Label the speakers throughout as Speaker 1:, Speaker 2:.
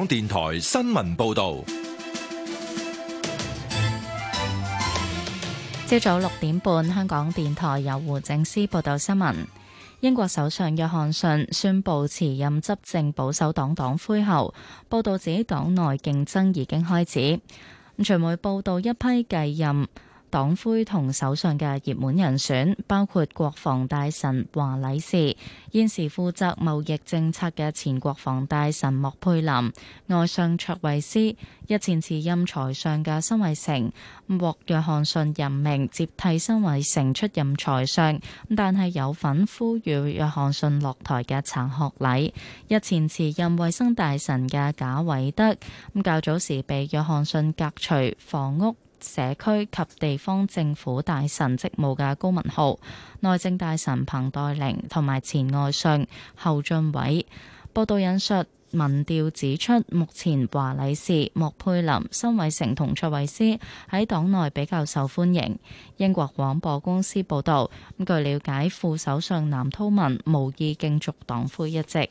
Speaker 1: 香港電台新聞報道，
Speaker 2: 朝早六點半，香港電台由胡正思報道新聞。英國首相約翰遜宣布辭任執政保守黨黨魁後，報道指黨內競爭已經開始。咁，傳媒報道一批繼任。黨魁同首相嘅熱門人選，包括國防大臣華禮士，現時負責責貿易政策嘅前國防大臣莫佩林，外相卓慧斯，日前辭任財相嘅辛偉成，獲約翰遜任命接替辛偉成出任財相。但係有份呼籲約翰遜落台嘅陳學禮，日前辭任衛生大臣嘅賈偉德，咁較早時被約翰遜革除房屋社區及地方政府大臣職務嘅高文浩、內政大臣彭黛玲同埋前外相侯俊偉。報道引述民調指出，目前華禮士、莫佩林、辛偉成同卓慧思喺黨內比較受歡迎。英國廣播公司報導，據了解，副首相藍韜文無意競逐黨魁一職。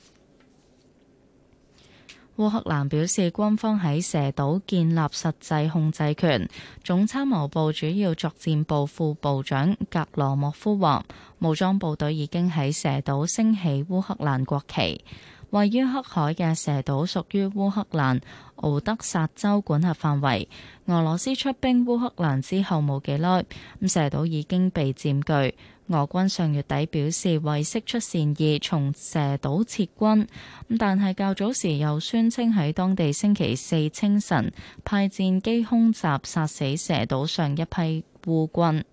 Speaker 2: 烏克蘭表示，軍方喺蛇島建立實際控制權。總參謀部主要作戰部副部長格羅莫夫話，武裝部隊已經喺蛇島升起烏克蘭國旗。位於黑海嘅蛇島屬於烏克蘭奧德薩州管轄範圍。俄羅斯出兵烏克蘭之後冇幾耐，咁蛇島已經被佔據。俄軍上月底表示為釋出善意，從蛇島撤軍，但係較早時又宣稱喺當地星期四清晨派戰機空襲，殺死蛇島上一批烏軍。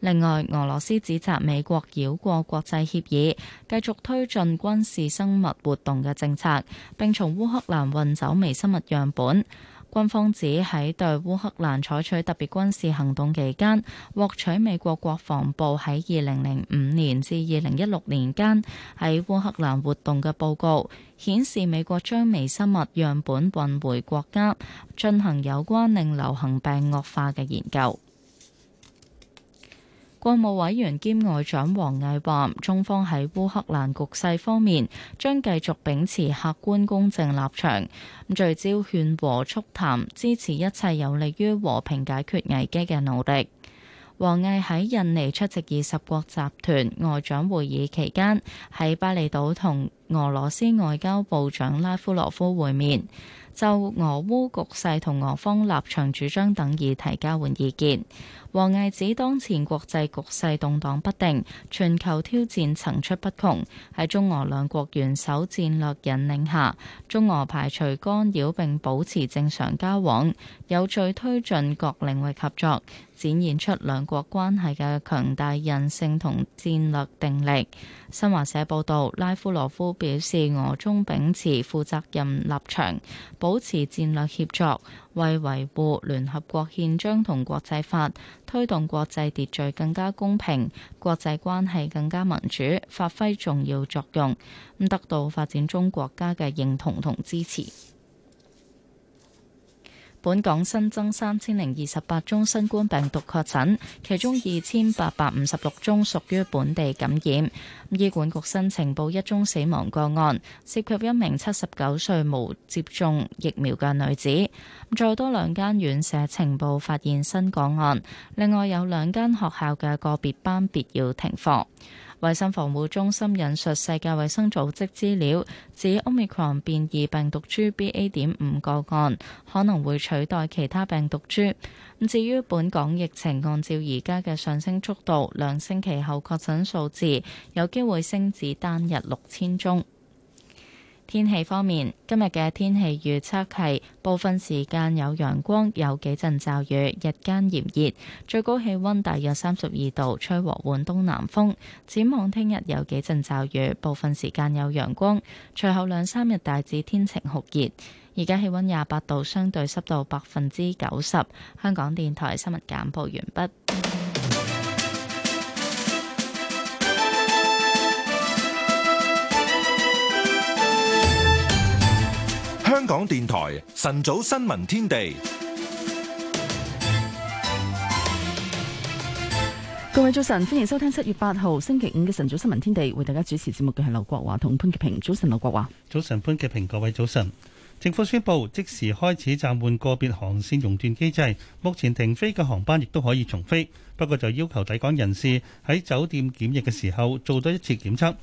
Speaker 2: 另外，俄羅斯指責美國繞過國際協議，繼續推進軍事生物活動嘅政策，並從烏克蘭運走微生物樣本。軍方指喺對烏克蘭採取特別軍事行動期間，獲取美國國防部喺二零零五年至二零一六年間喺烏克蘭活動嘅報告，顯示美國將微生物樣本運回國家，進行有關令流行病惡化嘅研究。國務委員兼外長王毅話：中方喺烏克蘭局勢方面，將繼續秉持客觀公正立場，聚焦勸和促談，支持一切有利於和平解決危機嘅努力。王毅喺印尼出席二十國集團外長會議期間，喺巴厘島同。俄羅斯外交部長拉夫羅夫會面，就俄烏局勢同俄方立場、主張等議題交換意見。王毅指，當前國際局勢動盪不定，全球挑戰層出不窮。喺中俄兩國元首戰略引領下，中俄排除干擾並保持正常交往，有序推進各領域合作，展現出兩國關係嘅強大韌性同戰略定力。新華社報道，拉夫羅夫。表示俄中秉持負責任立場，保持戰略協作，為維護聯合國憲章同國際法，推動國際秩序更加公平、國際關係更加民主，發揮重要作用，咁得到發展中國家嘅認同同支持。本港新增三千零二十八宗新冠病毒確診，其中二千八百五十六宗屬於本地感染。醫管局新呈報一宗死亡個案，涉及一名七十九歲無接種疫苗嘅女子。再多兩間院舍呈報發現新個案，另外有兩間學校嘅個別班別要停課。衞生防護中心引述世界衛生組織資料，指 Omicron 變異病毒株 BA. 點五個案可能會取代其他病毒株。至於本港疫情，按照而家嘅上升速度，兩星期後確診數字有機會升至單日六千宗。天氣方面，今日嘅天氣預測係部分時間有陽光，有幾陣驟雨，日間炎熱，最高氣溫大約三十二度，吹和緩東南風。展望聽日有幾陣驟雨，部分時間有陽光，隨後兩三日大致天晴酷熱。而家氣溫廿八度，相對濕度百分之九十。香港電台新聞簡報完畢。
Speaker 1: 香港電台晨早新聞天地，
Speaker 3: 各位早晨，歡迎收聽七月八號星期五嘅晨早新聞天地，為大家主持節目嘅係劉國華同潘潔平。早晨，劉國華，
Speaker 4: 早晨，潘潔平，各位早晨。政府宣布即時開始暫緩個別航線熔斷機制，目前停飛嘅航班亦都可以重飛，不過就要求抵港人士喺酒店檢疫嘅時候做多一次檢測。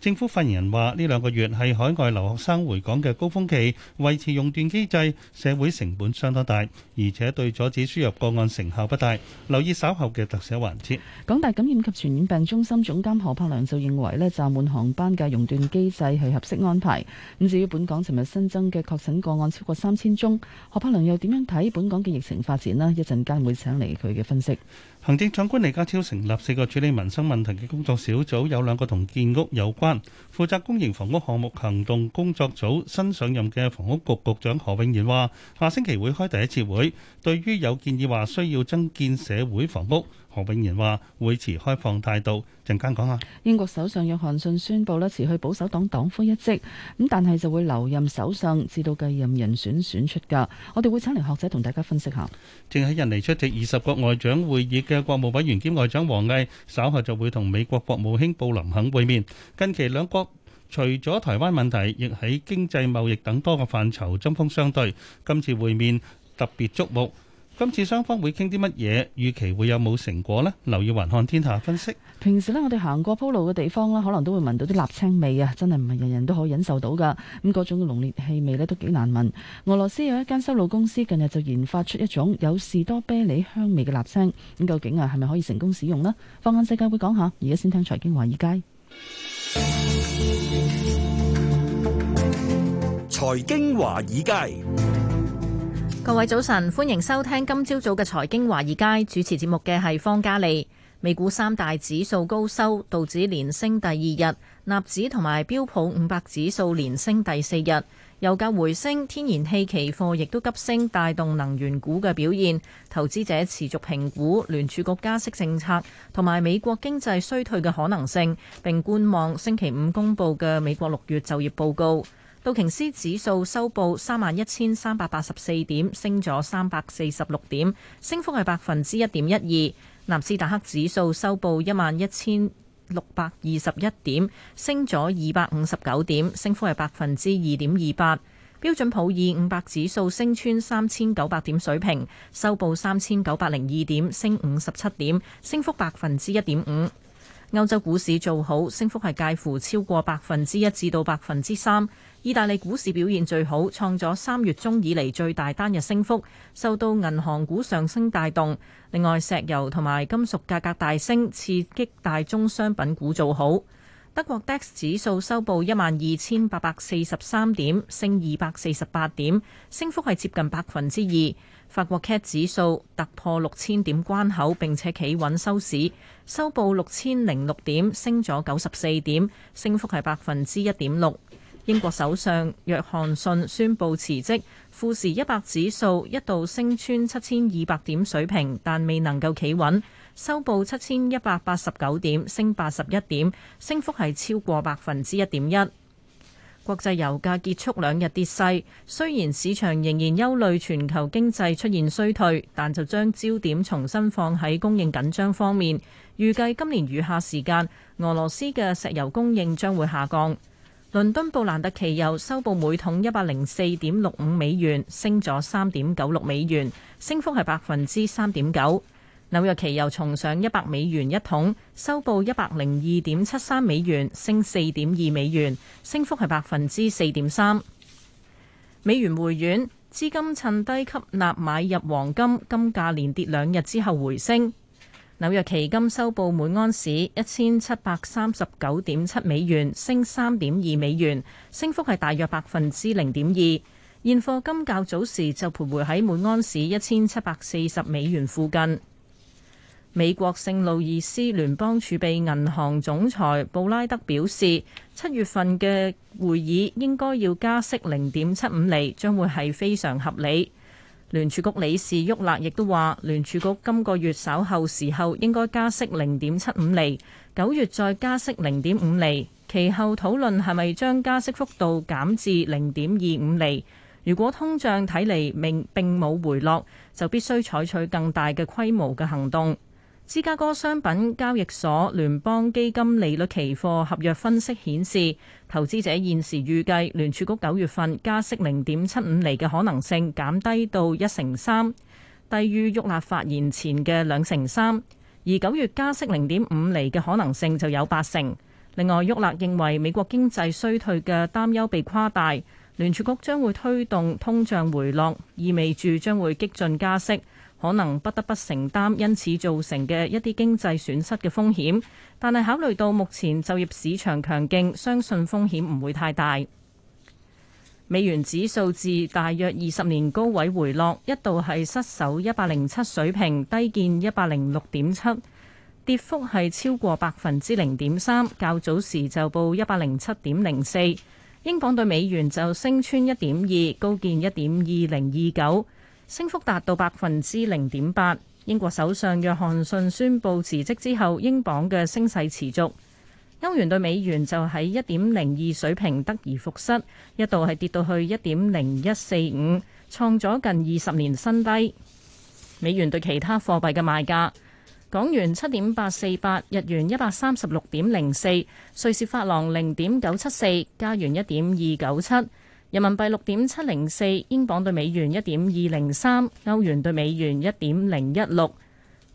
Speaker 4: 政府發言人話：呢兩個月係海外留學生回港嘅高峰期，維持熔斷機制，社會成本相當大，而且對阻止輸入個案成效不大。留意稍後嘅特寫環節。
Speaker 3: 港大感染及傳染病中心總監何柏良就認為呢，暫緩航班嘅熔斷機制係合適安排。咁至於本港尋日新增嘅確診個案超過三千宗，何柏良又點樣睇本港嘅疫情發展呢？一陣間會請嚟佢嘅分析。行政長官
Speaker 4: 李家超成立四個處理民生問題嘅工作小組，有兩個同建屋有關，負責公營房屋項目行動工作組新上任嘅房屋局局長何永賢話，下星期會開第一次會，對於有建議話需要增建社會房屋。何永賢話：會持開放態度。陣間講下。
Speaker 3: 英國首相約翰遜宣布呢辭去保守黨黨魁一職，咁但係就會留任首相，至到繼任人選選出噶。我哋會請嚟學者同大家分析下。
Speaker 4: 正喺印尼出席二十國外長會議嘅國務委員兼外長王毅，稍後就會同美國國務卿布林肯會面。近期兩國除咗台灣問題，亦喺經濟貿易等多個範疇針鋒相對。今次會面特別觸目。今次雙方會傾啲乜嘢？預期會有冇成果呢？留意環看天下分析。
Speaker 3: 平時咧，我哋行過鋪路嘅地方咧，可能都會聞到啲蠟青味啊，真係唔係人人都可以忍受到噶。咁嗰種嘅濃烈氣味咧，都幾難聞。俄羅斯有一間修路公司近日就研發出一種有士多啤梨香味嘅蠟青。咁究竟啊，係咪可以成功使用呢？放眼世界會講下。而家先聽財經華爾街。
Speaker 1: 財經華爾街。
Speaker 5: 各位早晨，歡迎收聽今朝早嘅財經華爾街，主持節目嘅係方嘉莉。美股三大指數高收，道指連升第二日，納指同埋標普五百指數連升第四日。油價回升，天然氣期貨亦都急升，帶動能源股嘅表現。投資者持續評估聯儲局加息政策同埋美國經濟衰退嘅可能性，並觀望星期五公布嘅美國六月就業報告。道瓊斯指數收報三萬一千三百八十四點，升咗三百四十六點，升幅係百分之一點一二。納斯達克指數收報一萬一千六百二十一點，升咗二百五十九點，升幅係百分之二點二八。標準普爾五百指數升穿三千九百點水平，收報三千九百零二點，升五十七點，升幅百分之一點五。歐洲股市做好，升幅係介乎超過百分之一至到百分之三。意大利股市表現最好，創咗三月中以嚟最大單日升幅，受到銀行股上升帶動。另外，石油同埋金屬價格大升，刺激大宗商品股做好。德國 DAX 指數收報一萬二千八百四十三點，升二百四十八點，升幅係接近百分之二。法國 CAC 指數突破六千點關口，並且企穩收市，收報六千零六點，升咗九十四點，升幅係百分之一點六。英國首相約翰遜宣布辭職，富時一百指數一度升穿七千二百點水平，但未能夠企穩，收報七千一百八十九點，升八十一點，升幅係超過百分之一點一。國際油價結束兩日跌勢，雖然市場仍然憂慮全球經濟出現衰退，但就將焦點重新放喺供應緊張方面，預計今年餘下時間，俄羅斯嘅石油供應將會下降。倫敦布蘭特期油收報每桶一百零四點六五美元，升咗三點九六美元，升幅係百分之三點九。紐約期油重上一百美元一桶，收報一百零二點七三美元，升四點二美元，升幅係百分之四點三。美元回軟，資金趁低吸納買入黃金，金價連跌兩日之後回升。紐約期金收報每安士一千七百三十九點七美元，升三點二美元，升幅係大約百分之零點二。現貨金較早時就徘徊喺每安士一千七百四十美元附近。美國聖路易斯聯邦儲備銀行總裁布拉德表示，七月份嘅會議應該要加息零點七五厘，將會係非常合理。聯儲局理事沃勒亦都話，聯儲局今個月稍後時候應該加息零點七五厘，九月再加息零點五厘，其後討論係咪將加息幅度減至零點二五厘。如果通脹睇嚟，並並冇回落，就必須採取更大嘅規模嘅行動。芝加哥商品交易所聯邦基金利率期貨合約分析顯示，投資者現時預計聯儲局九月份加息零點七五厘嘅可能性減低到一成三，低於沃納發言前嘅兩成三，而九月加息零點五厘嘅可能性就有八成。另外，沃納認為美國經濟衰退嘅擔憂被誇大，聯儲局將會推動通脹回落，意味住將會激進加息。可能不得不承擔因此造成嘅一啲經濟損失嘅風險，但係考慮到目前就業市場強勁，相信風險唔會太大。美元指數至大約二十年高位回落，一度係失守一百零七水平，低見一百零六點七，跌幅係超過百分之零點三。較早時就報一百零七點零四，英鎊對美元就升穿一點二，高見一點二零二九。升幅達到百分之零點八。英國首相約翰遜宣布辭職之後，英鎊嘅升勢持續。歐元對美元就喺一點零二水平得而復失，一度係跌到去一點零一四五，創咗近二十年新低。美元對其他貨幣嘅賣價：港元七點八四八，日元一百三十六點零四，瑞士法郎零點九七四，加元一點二九七。人民幣六點七零四，英鎊對美元一點二零三，歐元對美元一點零一六，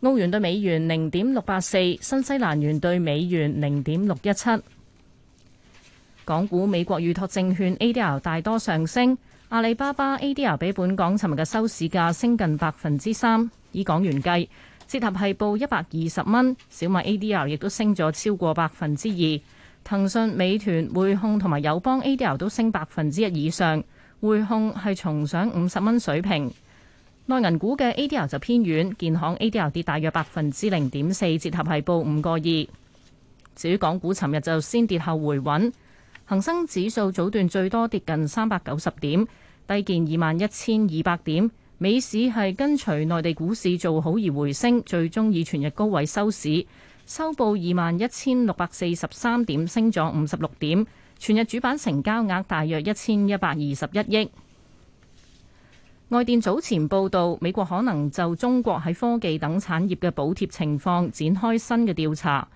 Speaker 5: 澳元對美元零點六八四，新西蘭元對美元零點六一七。港股美國預託證券 ADR 大多上升，阿里巴巴 ADR 比本港尋日嘅收市價升近百分之三，以港元計，折合係報一百二十蚊。小米 ADR 亦都升咗超過百分之二。騰訊、美團、匯控同埋友邦 ADR 都升百分之一以上，匯控係重上五十蚊水平。內銀股嘅 ADR 就偏軟，建行 ADR 跌大約百分之零點四，折合係報五個二。至於港股，尋日就先跌後回穩，恒生指數早段最多跌近三百九十點，低見二萬一千二百點。美市係跟隨內地股市做好而回升，最終以全日高位收市。收報二萬一千六百四十三點，升咗五十六點。全日主板成交額大約一千一百二十一億。外電早前報道，美國可能就中國喺科技等產業嘅補貼情況展開新嘅調查。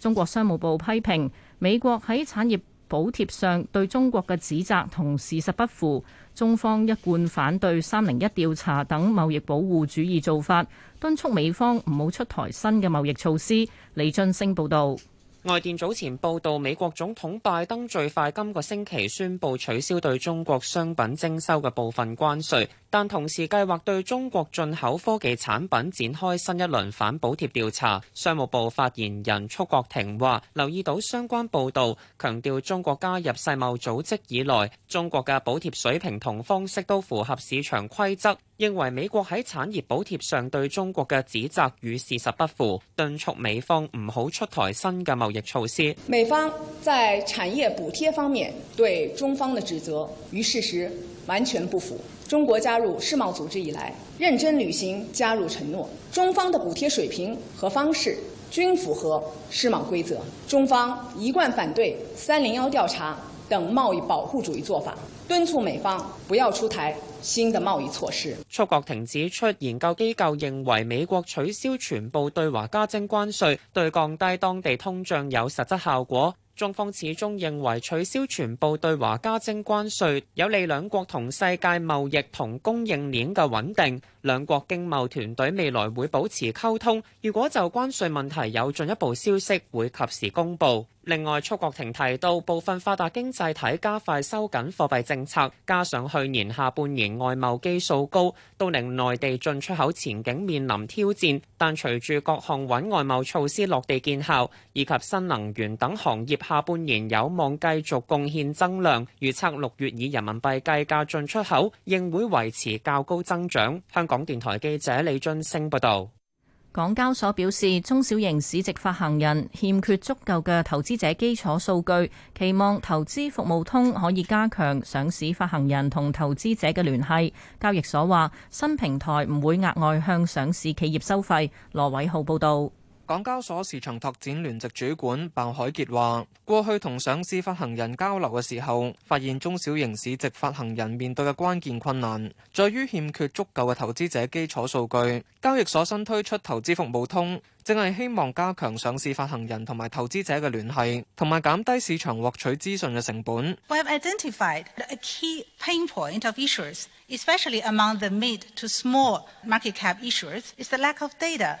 Speaker 5: 中國商務部批評美國喺產業補貼上對中國嘅指責同事實不符，中方一貫反對三零一調查等貿易保護主義做法。敦促美方唔好出台新嘅貿易措施。李俊升報道。
Speaker 6: 外電早前報道，美國總統拜登最快今個星期宣布取消對中國商品徵收嘅部分關稅，但同時計劃對中國進口科技產品展開新一輪反補貼調查。商務部發言人束國庭話，留意到相關報道，強調中國加入世貿組織以來，中國嘅補貼水平同方式都符合市場規則。認為美國喺產業補貼上對中國嘅指責與事實不符，敦促美方唔好出台新嘅貿易措施。
Speaker 7: 美方在產業補貼方面對中方嘅指責與事實完全不符。中國加入世貿組織以來，認真履行加入承諾，中方的補貼水平和方式均符合世貿規則。中方一貫反對三零一調查等貿易保護主義做法。敦促美方不要出台新的貿易措施。
Speaker 6: 束珏婷指出，研究機構認為美國取消全部對華加徵關稅，對降低當地通脹有實質效果。中方始終認為取消全部對華加徵關稅，有利兩國同世界貿易同供應鏈嘅穩定。兩國經貿團隊未來會保持溝通，如果就關稅問題有進一步消息，會及時公布。另外，曲國庭提到，部分發達經濟體加快收緊貨幣政策，加上去年下半年外貿基數高，都令內地進出口前景面臨挑戰，但隨住各項穩外貿措施落地見效，以及新能源等行業下半年有望繼續貢獻增量，預測六月以人民幣計價進出口仍會維持較高增長。.港電台記者李俊升報道。
Speaker 5: 港交所表示，中小型市值發行人欠缺足夠嘅投資者基礎數據，期望投資服務通可以加強上市發行人同投資者嘅聯繫。交易所話新平台唔會額外向上市企業收費。羅偉浩報道。港交
Speaker 8: 所市場拓展聯席主管鮑海杰話，過去同上市發行人交流嘅時候，發現中小型市值發行人面對嘅關鍵困難，在於欠缺足夠嘅投資者基礎數據。交易所新推出投資服務通，正係希望加強上市發行人同埋投資者嘅聯繫，同埋減低市場獲取資訊嘅成本。
Speaker 9: We have identified a key pain point of issuers, especially among the mid-to-small market cap issuers, is the lack of data.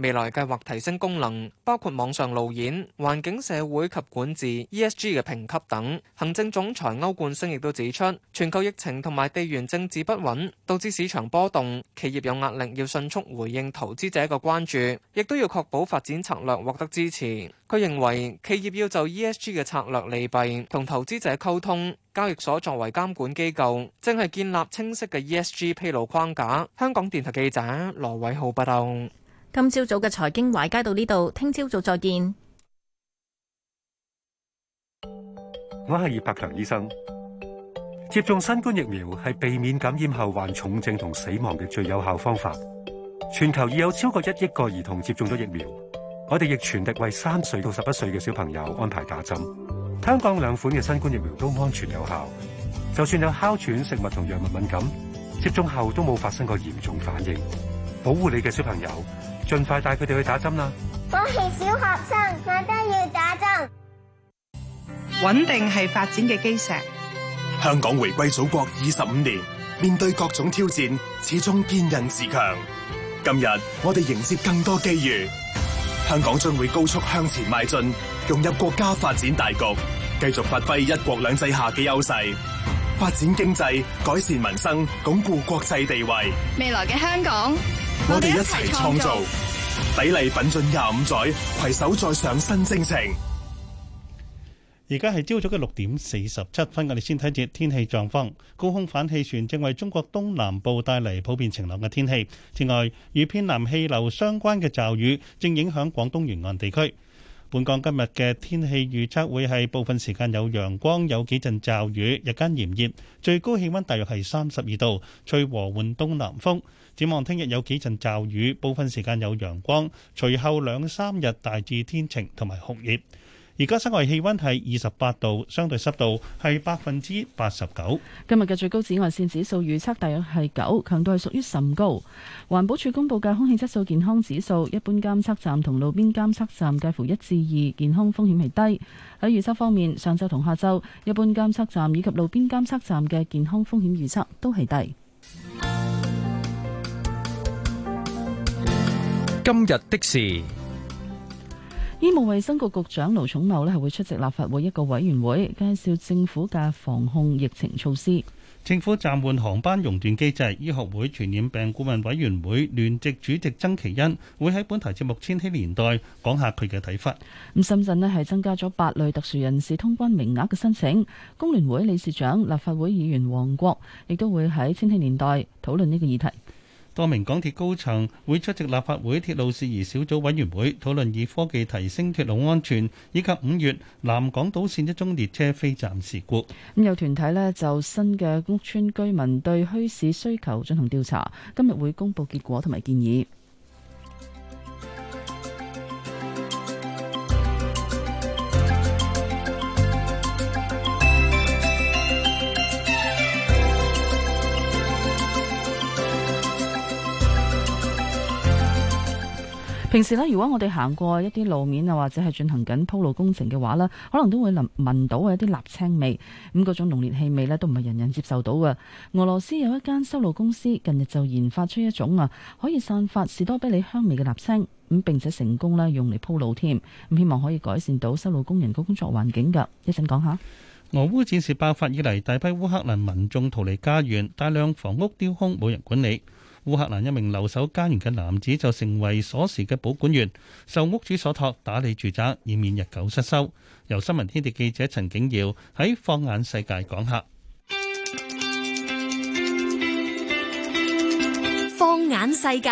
Speaker 8: 未來計劃提升功能，包括網上路演、環境、社會及管治 （ESG） 嘅評級等。行政總裁歐冠星亦都指出，全球疫情同埋地緣政治不穩，導致市場波動，企業有壓力要迅速回應投資者嘅關注，亦都要確保發展策略獲得支持。佢認為企業要就 ESG 嘅策略利弊同投資者溝通，交易所作為監管機構，正係建立清晰嘅 ESG 披露框架。香港電台記者羅偉浩報道。
Speaker 5: 今朝早嘅財經華街到呢度，聽朝早再見。
Speaker 4: 我係葉柏強醫生，接種新冠疫苗係避免感染後患重症同死亡嘅最有效方法。全球已有超過一億個兒童接種咗疫苗，我哋亦全力為三歲到十一歲嘅小朋友安排打針。香港兩款嘅新冠疫苗都安全有效，就算有哮喘、食物同藥物敏感，接種後都冇發生過嚴重反應，保護你嘅小朋友，盡快帶佢哋去打針啦！
Speaker 7: 我係小學生，我都要打
Speaker 8: 針。穩定係發展嘅基石。
Speaker 4: 香港回歸
Speaker 1: 祖國二十五年，面對各種挑戰，始終堅韌自強。今日我哋迎接更多機遇，香港將會高速向前邁進，融入國家發展大局，繼續發揮一國兩制下嘅優勢，發展經濟，改善民生，鞏固國際地位。
Speaker 2: 未來嘅香港。
Speaker 7: 我哋一齊創
Speaker 1: 造，砥礪奮進廿五載，攜手再上新征程。
Speaker 4: 而家係朝早嘅六點四十七分，我哋先睇住天氣狀況。高空反氣旋正為中國東南部帶嚟普遍晴朗嘅天氣。此外，與偏南氣流相關嘅驟雨正影響廣東沿岸地區。本港今日嘅天氣預測會係部分時間有陽光，有幾陣驟雨，日間炎熱，最高氣溫大約係三十二度，吹和緩東南風。展望聽日有幾陣驟雨，部分時間有陽光。隨後兩三日大致天晴同埋酷熱。而家室外氣温係二十八度，相對濕度係百分之八十九。
Speaker 3: 今日嘅最高紫外線指數預測大約係九，強度係屬於甚高。環保署公布嘅空氣質素健康指數，一般監測站同路邊監測站介乎一至二，健康風險係低。喺預測方面，上晝同下晝一般監測站以及路邊監測站嘅健康風險預測都係低。
Speaker 10: 今日的事，
Speaker 3: 醫務衛生局局長盧寵茂呢，係會出席立法會一個委員會，介紹政府嘅防控疫情措施。
Speaker 4: 政府暫緩航班熔斷機制，醫學會傳染病顧問委員會聯席主席曾祈殷會喺本台節目《千禧年代》講下佢嘅睇法。
Speaker 3: 咁深圳呢，係增加咗八類特殊人士通關名額嘅申請。工聯會理事長、立法會議員黃國亦都會喺《千禧年代》討論呢個議題。
Speaker 4: 多名港鐵高層會出席立法會鐵路事宜小組委員會討論以科技提升鐵路安全，以及五月南港島線一宗列車飛站事故。咁
Speaker 3: 有團體呢就新嘅屋邨居民對墟市需求進行調查，今日會公佈結果同埋建議。平時咧，如果我哋行過一啲路面啊，或者係進行緊鋪路工程嘅話呢，可能都會能聞到一啲瀝青味，咁嗰種濃烈氣味呢都唔係人人接受到嘅。俄羅斯有一間修路公司近日就研發出一種啊，可以散發士多啤梨香味嘅瀝青，咁並且成功啦用嚟鋪路添，咁希望可以改善到修路工人嘅工作環境噶。一陣講下。
Speaker 4: 俄烏戰事爆發以嚟，大批烏克蘭民眾逃離家園，大量房屋丟空，冇人管理。烏克蘭一名留守家園嘅男子就成為鎖匙嘅保管員，受屋主所託打理住宅，以免日久失修。由新聞天地記者陳景耀喺《放眼世界》講下
Speaker 2: 《放眼世界》。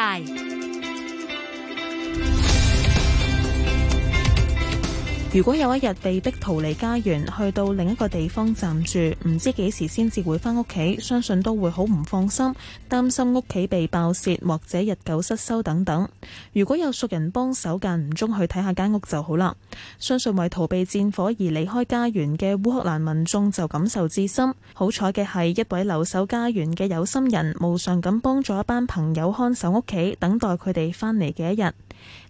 Speaker 11: 如果有一日被逼逃離家園，去到另一個地方暫住，唔知幾時先至會翻屋企，相信都會好唔放心，擔心屋企被爆竊或者日久失修等等。如果有熟人幫手間唔中去睇下間屋就好啦。相信為逃避戰火而離開家園嘅烏克蘭民眾就感受至深。好彩嘅係，一位留守家園嘅有心人，無償咁幫助一班朋友看守屋企，等待佢哋翻嚟嘅一日。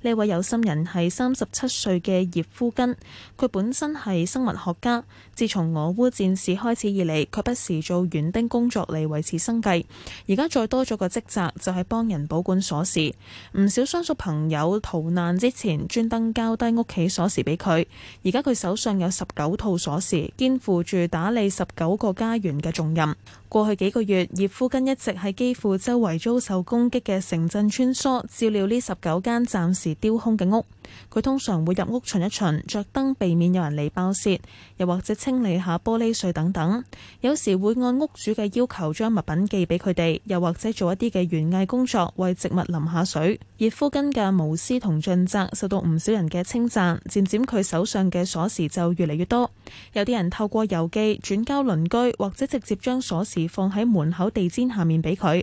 Speaker 11: 呢位有心人係三十七歲嘅葉夫根，佢本身係生物學家。自從俄烏戰事開始以嚟，佢不時做園丁工作嚟維持生計。而家再多咗個職責，就係幫人保管鎖匙。唔少相熟朋友逃難之前，專登交低屋企鎖匙俾佢。而家佢手上有十九套鎖匙，肩負住打理十九個家園嘅重任。過去幾個月，葉夫根一直喺基輔周圍遭受攻擊嘅城鎮穿梭，照料呢十九間暫時丟空嘅屋。佢通常會入屋巡一巡，着燈避免有人嚟爆竊，又或者清理下玻璃碎等等。有時會按屋主嘅要求將物品寄俾佢哋，又或者做一啲嘅園藝工作，為植物淋下水。熱夫根嘅無私同盡責受到唔少人嘅稱讚。漸漸佢手上嘅鎖匙就越嚟越多。有啲人透過郵寄轉交鄰居，或者直接將鎖匙放喺門口地氈下面俾佢。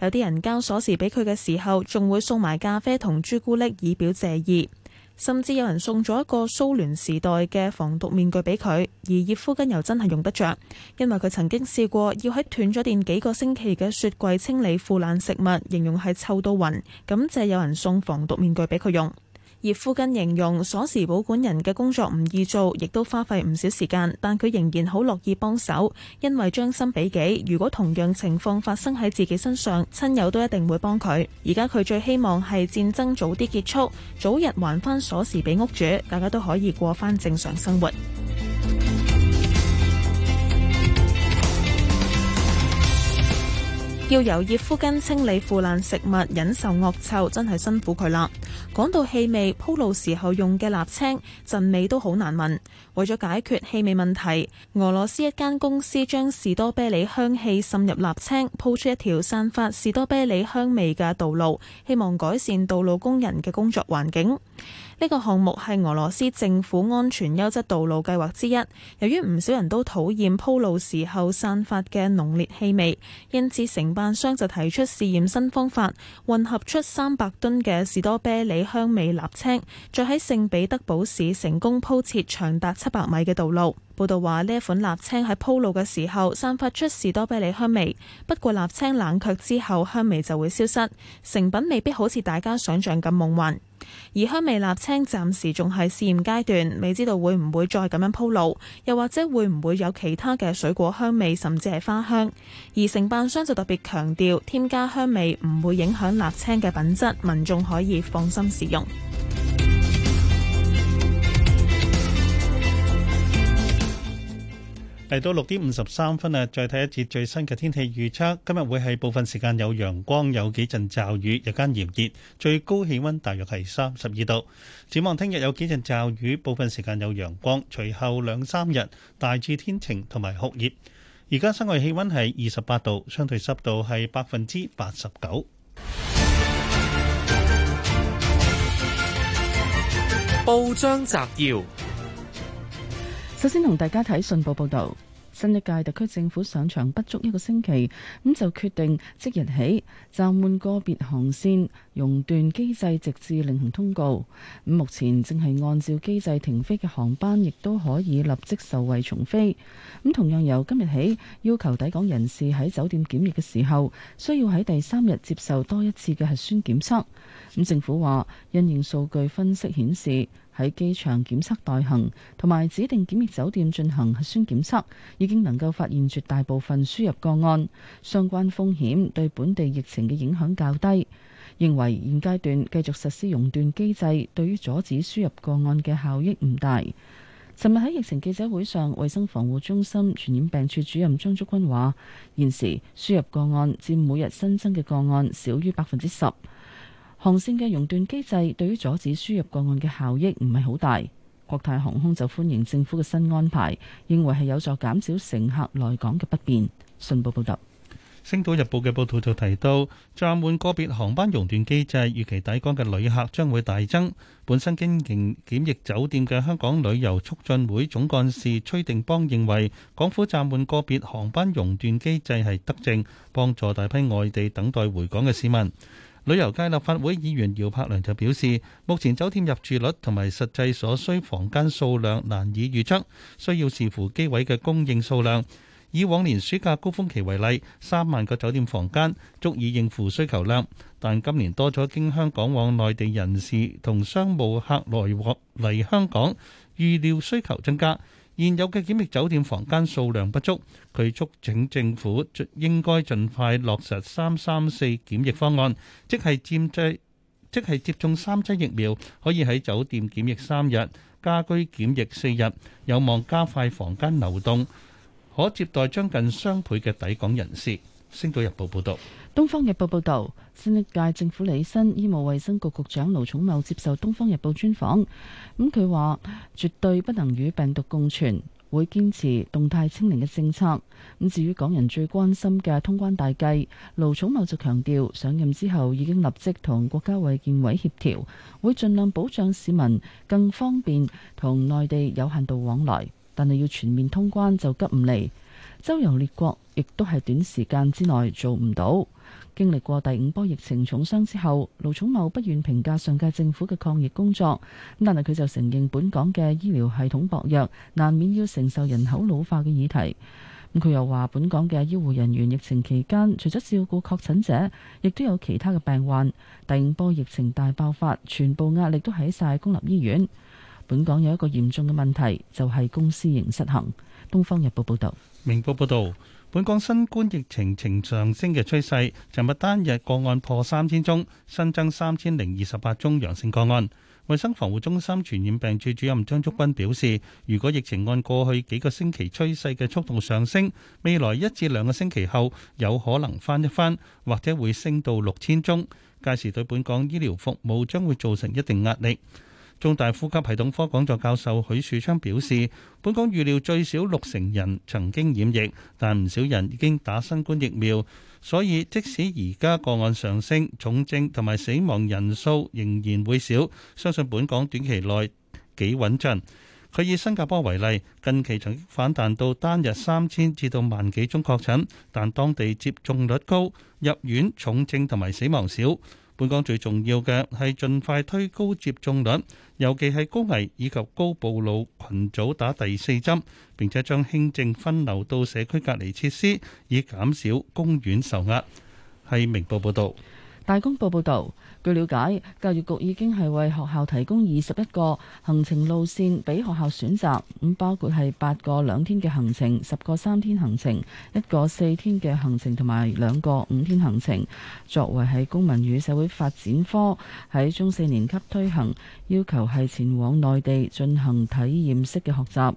Speaker 11: 有啲人交鎖匙俾佢嘅時候，仲會送埋咖啡同朱古力，以表謝意。甚至有人送咗一個蘇聯時代嘅防毒面具俾佢，而葉夫根又真係用得着，因為佢曾經試過要喺斷咗電幾個星期嘅雪櫃清理腐爛食物，形容係臭到暈，感謝有人送防毒面具俾佢用。葉夫根形容鎖匙保管人嘅工作唔易做，亦都花費唔少時間，但佢仍然好樂意幫手，因為將心比己，如果同樣情況發生喺自己身上，親友都一定會幫佢。而家佢最希望係戰爭早啲結束，早日還翻鎖匙俾屋主，大家都可以過返正常生活。 要由葉夫根清理腐爛食物，忍受惡臭，真係辛苦佢啦。講到氣味，鋪路時候用嘅瀝青，陣味都好難聞。為咗解決氣味問題，俄羅斯一間公司將士多啤梨香氣滲入瀝青，鋪出一條散發士多啤梨香味嘅道路，希望改善道路工人嘅工作環境。呢個項目係俄羅斯政府安全優質道路計劃之一。由於唔少人都討厭鋪路時候散發嘅濃烈氣味，因此承辦商就提出試驗新方法，混合出三百噸嘅士多啤梨香味瀝青再喺聖彼得堡市成功鋪設長達七百米嘅道路。報道話，呢一款瀝青喺鋪路嘅時候散發出士多啤梨香味，不過瀝青冷卻之後香味就會消失，成品未必好似大家想象咁夢幻。而香味瀝青暫時仲係試驗階段，未知道會唔會再咁樣鋪路，又或者會唔會有其他嘅水果香味，甚至係花香。而承辦商就特別強調，添加香味唔會影響瀝青嘅品質，民眾可以放心使用。
Speaker 4: 嚟到六點五十三分啊，再睇一節最新嘅天氣預測。今日會係部分時間有陽光，有幾陣驟雨，日間炎熱，最高氣溫大約係三十二度。展望聽日有幾陣驟雨，部分時間有陽光，隨後兩三日大致天晴同埋酷熱。而家室外氣溫係二十八度，相對濕度係百分之八十九。報章摘要，
Speaker 3: 首先同大家睇信報報道。新一屆特區政府上場不足一個星期，咁就決定即日起暫緩個別航線熔斷機制，直至另行通告。咁目前正係按照機制停飛嘅航班，亦都可以立即受惠重飛。咁同樣由今日起，要求抵港人士喺酒店檢疫嘅時候，需要喺第三日接受多一次嘅核酸檢測。咁政府話，因應數據分析顯示，喺機場檢測待行同埋指定檢疫酒店進行核酸檢測，已經能夠發現絕大部分輸入個案，相關風險對本地疫情嘅影響較低。認為現階段繼續實施熔斷機制，對於阻止輸入個案嘅效益唔大。尋日喺疫情記者會上，衛生防護中心傳染病處主任張竹君話：現時輸入個案佔每日新增嘅個案少於百分之十。航線嘅熔斷機制對於阻止輸入個案嘅效益唔係好大。國泰航空就歡迎政府嘅新安排，認為係有助減少乘客來港嘅不便。信報報道，
Speaker 4: 《星島日報》嘅報道就提到，暫緩個別航班熔斷機制，預期抵港嘅旅客將會大增。本身經營檢疫酒店嘅香港旅遊促進會總幹事崔定邦認為，港府暫緩個別航班熔斷機制係德政，幫助大批外地等待回港嘅市民。旅遊界立法會議員姚柏良就表示，目前酒店入住率同埋實際所需房間數量難以預測，需要視乎機位嘅供應數量。以往年暑假高峰期為例，三萬個酒店房間足以應付需求量，但今年多咗經香港往內地人士同商務客來往嚟香港，預料需求增加。現有嘅檢疫酒店房間數量不足，佢促請政府應該盡快落實三三四檢疫方案，即係接即係接種三劑疫苗，可以喺酒店檢疫三日，家居檢疫四日，有望加快房間流動，可接待將近雙倍嘅抵港人士。星島日報報道。
Speaker 3: 《東方日報》報道，新一屆政府履新醫務衛生局局長盧寵茂接受《東方日報》專、嗯、訪，咁佢話絕對不能與病毒共存，會堅持動態清零嘅政策。咁、嗯、至於港人最關心嘅通關大計，盧寵茂就強調上任之後已經立即同國家衛健委協調，會盡量保障市民更方便同內地有限度往來，但係要全面通關就急唔嚟，周遊列國亦都係短時間之內做唔到。經歷過第五波疫情重傷之後，盧寵茂不願評價上屆政府嘅抗疫工作，但係佢就承認本港嘅醫療系統薄弱，難免要承受人口老化嘅議題。佢、嗯、又話，本港嘅醫護人員疫情期間除咗照顧確診者，亦都有其他嘅病患。第五波疫情大爆發，全部壓力都喺晒公立醫院。本港有一個嚴重嘅問題就係、是、公私營失衡。東方日報報道，
Speaker 4: 明報報道。本港新冠疫情呈上升嘅趨勢，尋日單日個案破三千宗，新增三千零二十八宗陽性個案。衛生防護中心傳染病處主任張竹君表示，如果疫情按過去幾個星期趨勢嘅速度上升，未來一至兩個星期後有可能翻一翻，或者會升到六千宗，屆時對本港醫療服務將會造成一定壓力。重大呼吸系統科講座教授許樹昌表示，本港預料最少六成人曾經染疫，但唔少人已經打新冠疫苗，所以即使而家個案上升，重症同埋死亡人數仍然會少，相信本港短期內幾穩陣。佢以新加坡為例，近期曾經反彈到單日三千至到萬幾宗確診，但當地接種率高，入院重症同埋死亡少。本港最重要嘅係盡快推高接種率，尤其係高危以及高暴露群組打第四針，並且將輕症分流到社區隔離設施，以減少公院受壓。係明報報道，
Speaker 3: 大公報報道。據了解，教育局已經係為學校提供二十一個行程路線俾學校選擇，咁包括係八個兩天嘅行程、十個三天行程、一個四天嘅行程同埋兩個五天行程，作為喺公民與社會發展科喺中四年級推行，要求係前往內地進行體驗式嘅學習。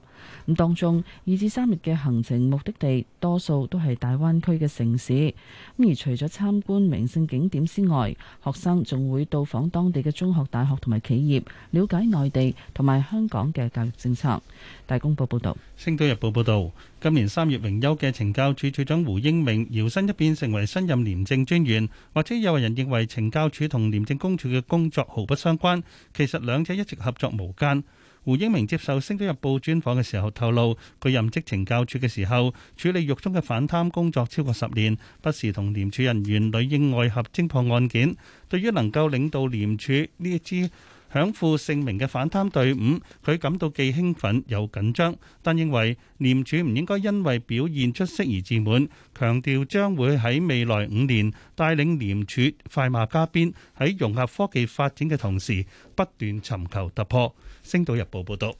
Speaker 3: 咁當中二至三日嘅行程目的地多數都係大灣區嘅城市。咁而除咗參觀名勝景點之外，學生仲會到訪當地嘅中學、大學同埋企業，了解內地同埋香港嘅教育政策。大公報報道，
Speaker 4: 星島日報報道，今年三月榮休嘅懲教處處長胡英明，搖身一變成為新任廉政專員。或者有人認為懲教處同廉政公署嘅工作毫不相關，其實兩者一直合作無間。胡英明接受《星島日報》專訪嘅時候透露，佢任職懲教署嘅時候，處理獄中嘅反貪工作超過十年，不時同廉署人員裏應外合偵破案件。對於能夠領導廉署呢一支享負盛名嘅反貪隊伍，佢感到既興奮又緊張。但認為廉署唔應該因為表現出色而自滿，強調將會喺未來五年帶領廉署快馬加鞭，喺融合科技發展嘅同時，不斷尋求突破。星島日報報道，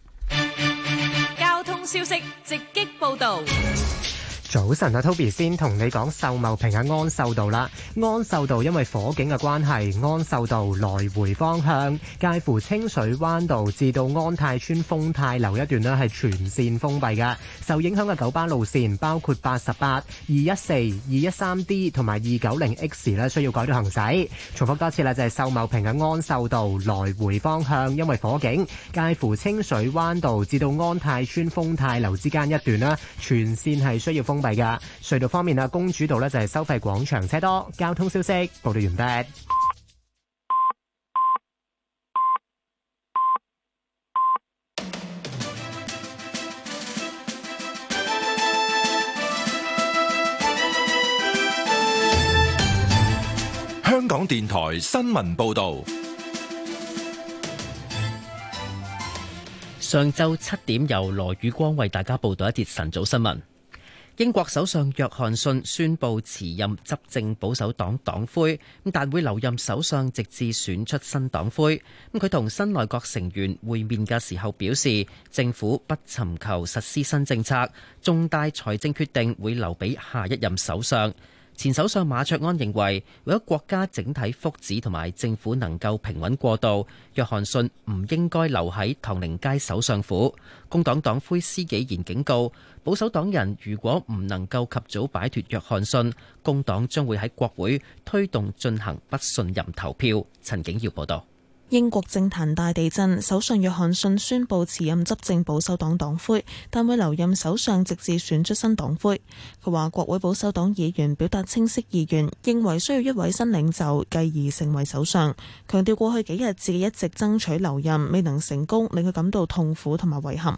Speaker 5: 交通消息，直擊報道。
Speaker 12: 早晨阿 Toby 先同你講秀茂坪嘅安秀道啦。安秀道因為火警嘅關係，安秀道來回方向介乎清水灣道至到安泰邨豐泰樓一段咧係全線封閉嘅。受影響嘅九巴路線包括八十八二一四二一三 D 同埋二九零 X 咧需要改道行駛。重複多次啦，就係秀茂坪嘅安秀道來回方向，因為火警介乎清水灣道至到安泰邨豐泰樓之間一段啦，全線係需要封。封閉噶隧道方面啊，公主道咧就係收費廣場車多。交通消息報道完畢。
Speaker 1: 香港電台新聞報道。
Speaker 10: 上晝七點由羅宇光為大家報道一節晨早新聞。英國首相約翰遜宣布辭任執政保守黨黨魁，但會留任首相直至選出新黨魁。咁佢同新內閣成員會面嘅時候表示，政府不尋求實施新政策，重大財政決定會留俾下一任首相。前首相馬卓安認為，如果國家整體福祉同埋政府能夠平穩過渡，約翰遜唔應該留喺唐寧街首相府。工黨黨魁施紀賢警告，保守黨人如果唔能夠及早擺脫約翰遜，工黨將會喺國會推動進行不信任投票。陳景耀報導。
Speaker 11: 英國政壇大地震，首相約翰遜宣布辭任執政保守黨黨魁，但會留任首相直至選出新黨魁。佢話國會保守黨議員表達清晰意願，認為需要一位新領袖繼而成為首相，強調過去幾日自己一直爭取留任未能成功，令佢感到痛苦同埋遺
Speaker 13: 憾。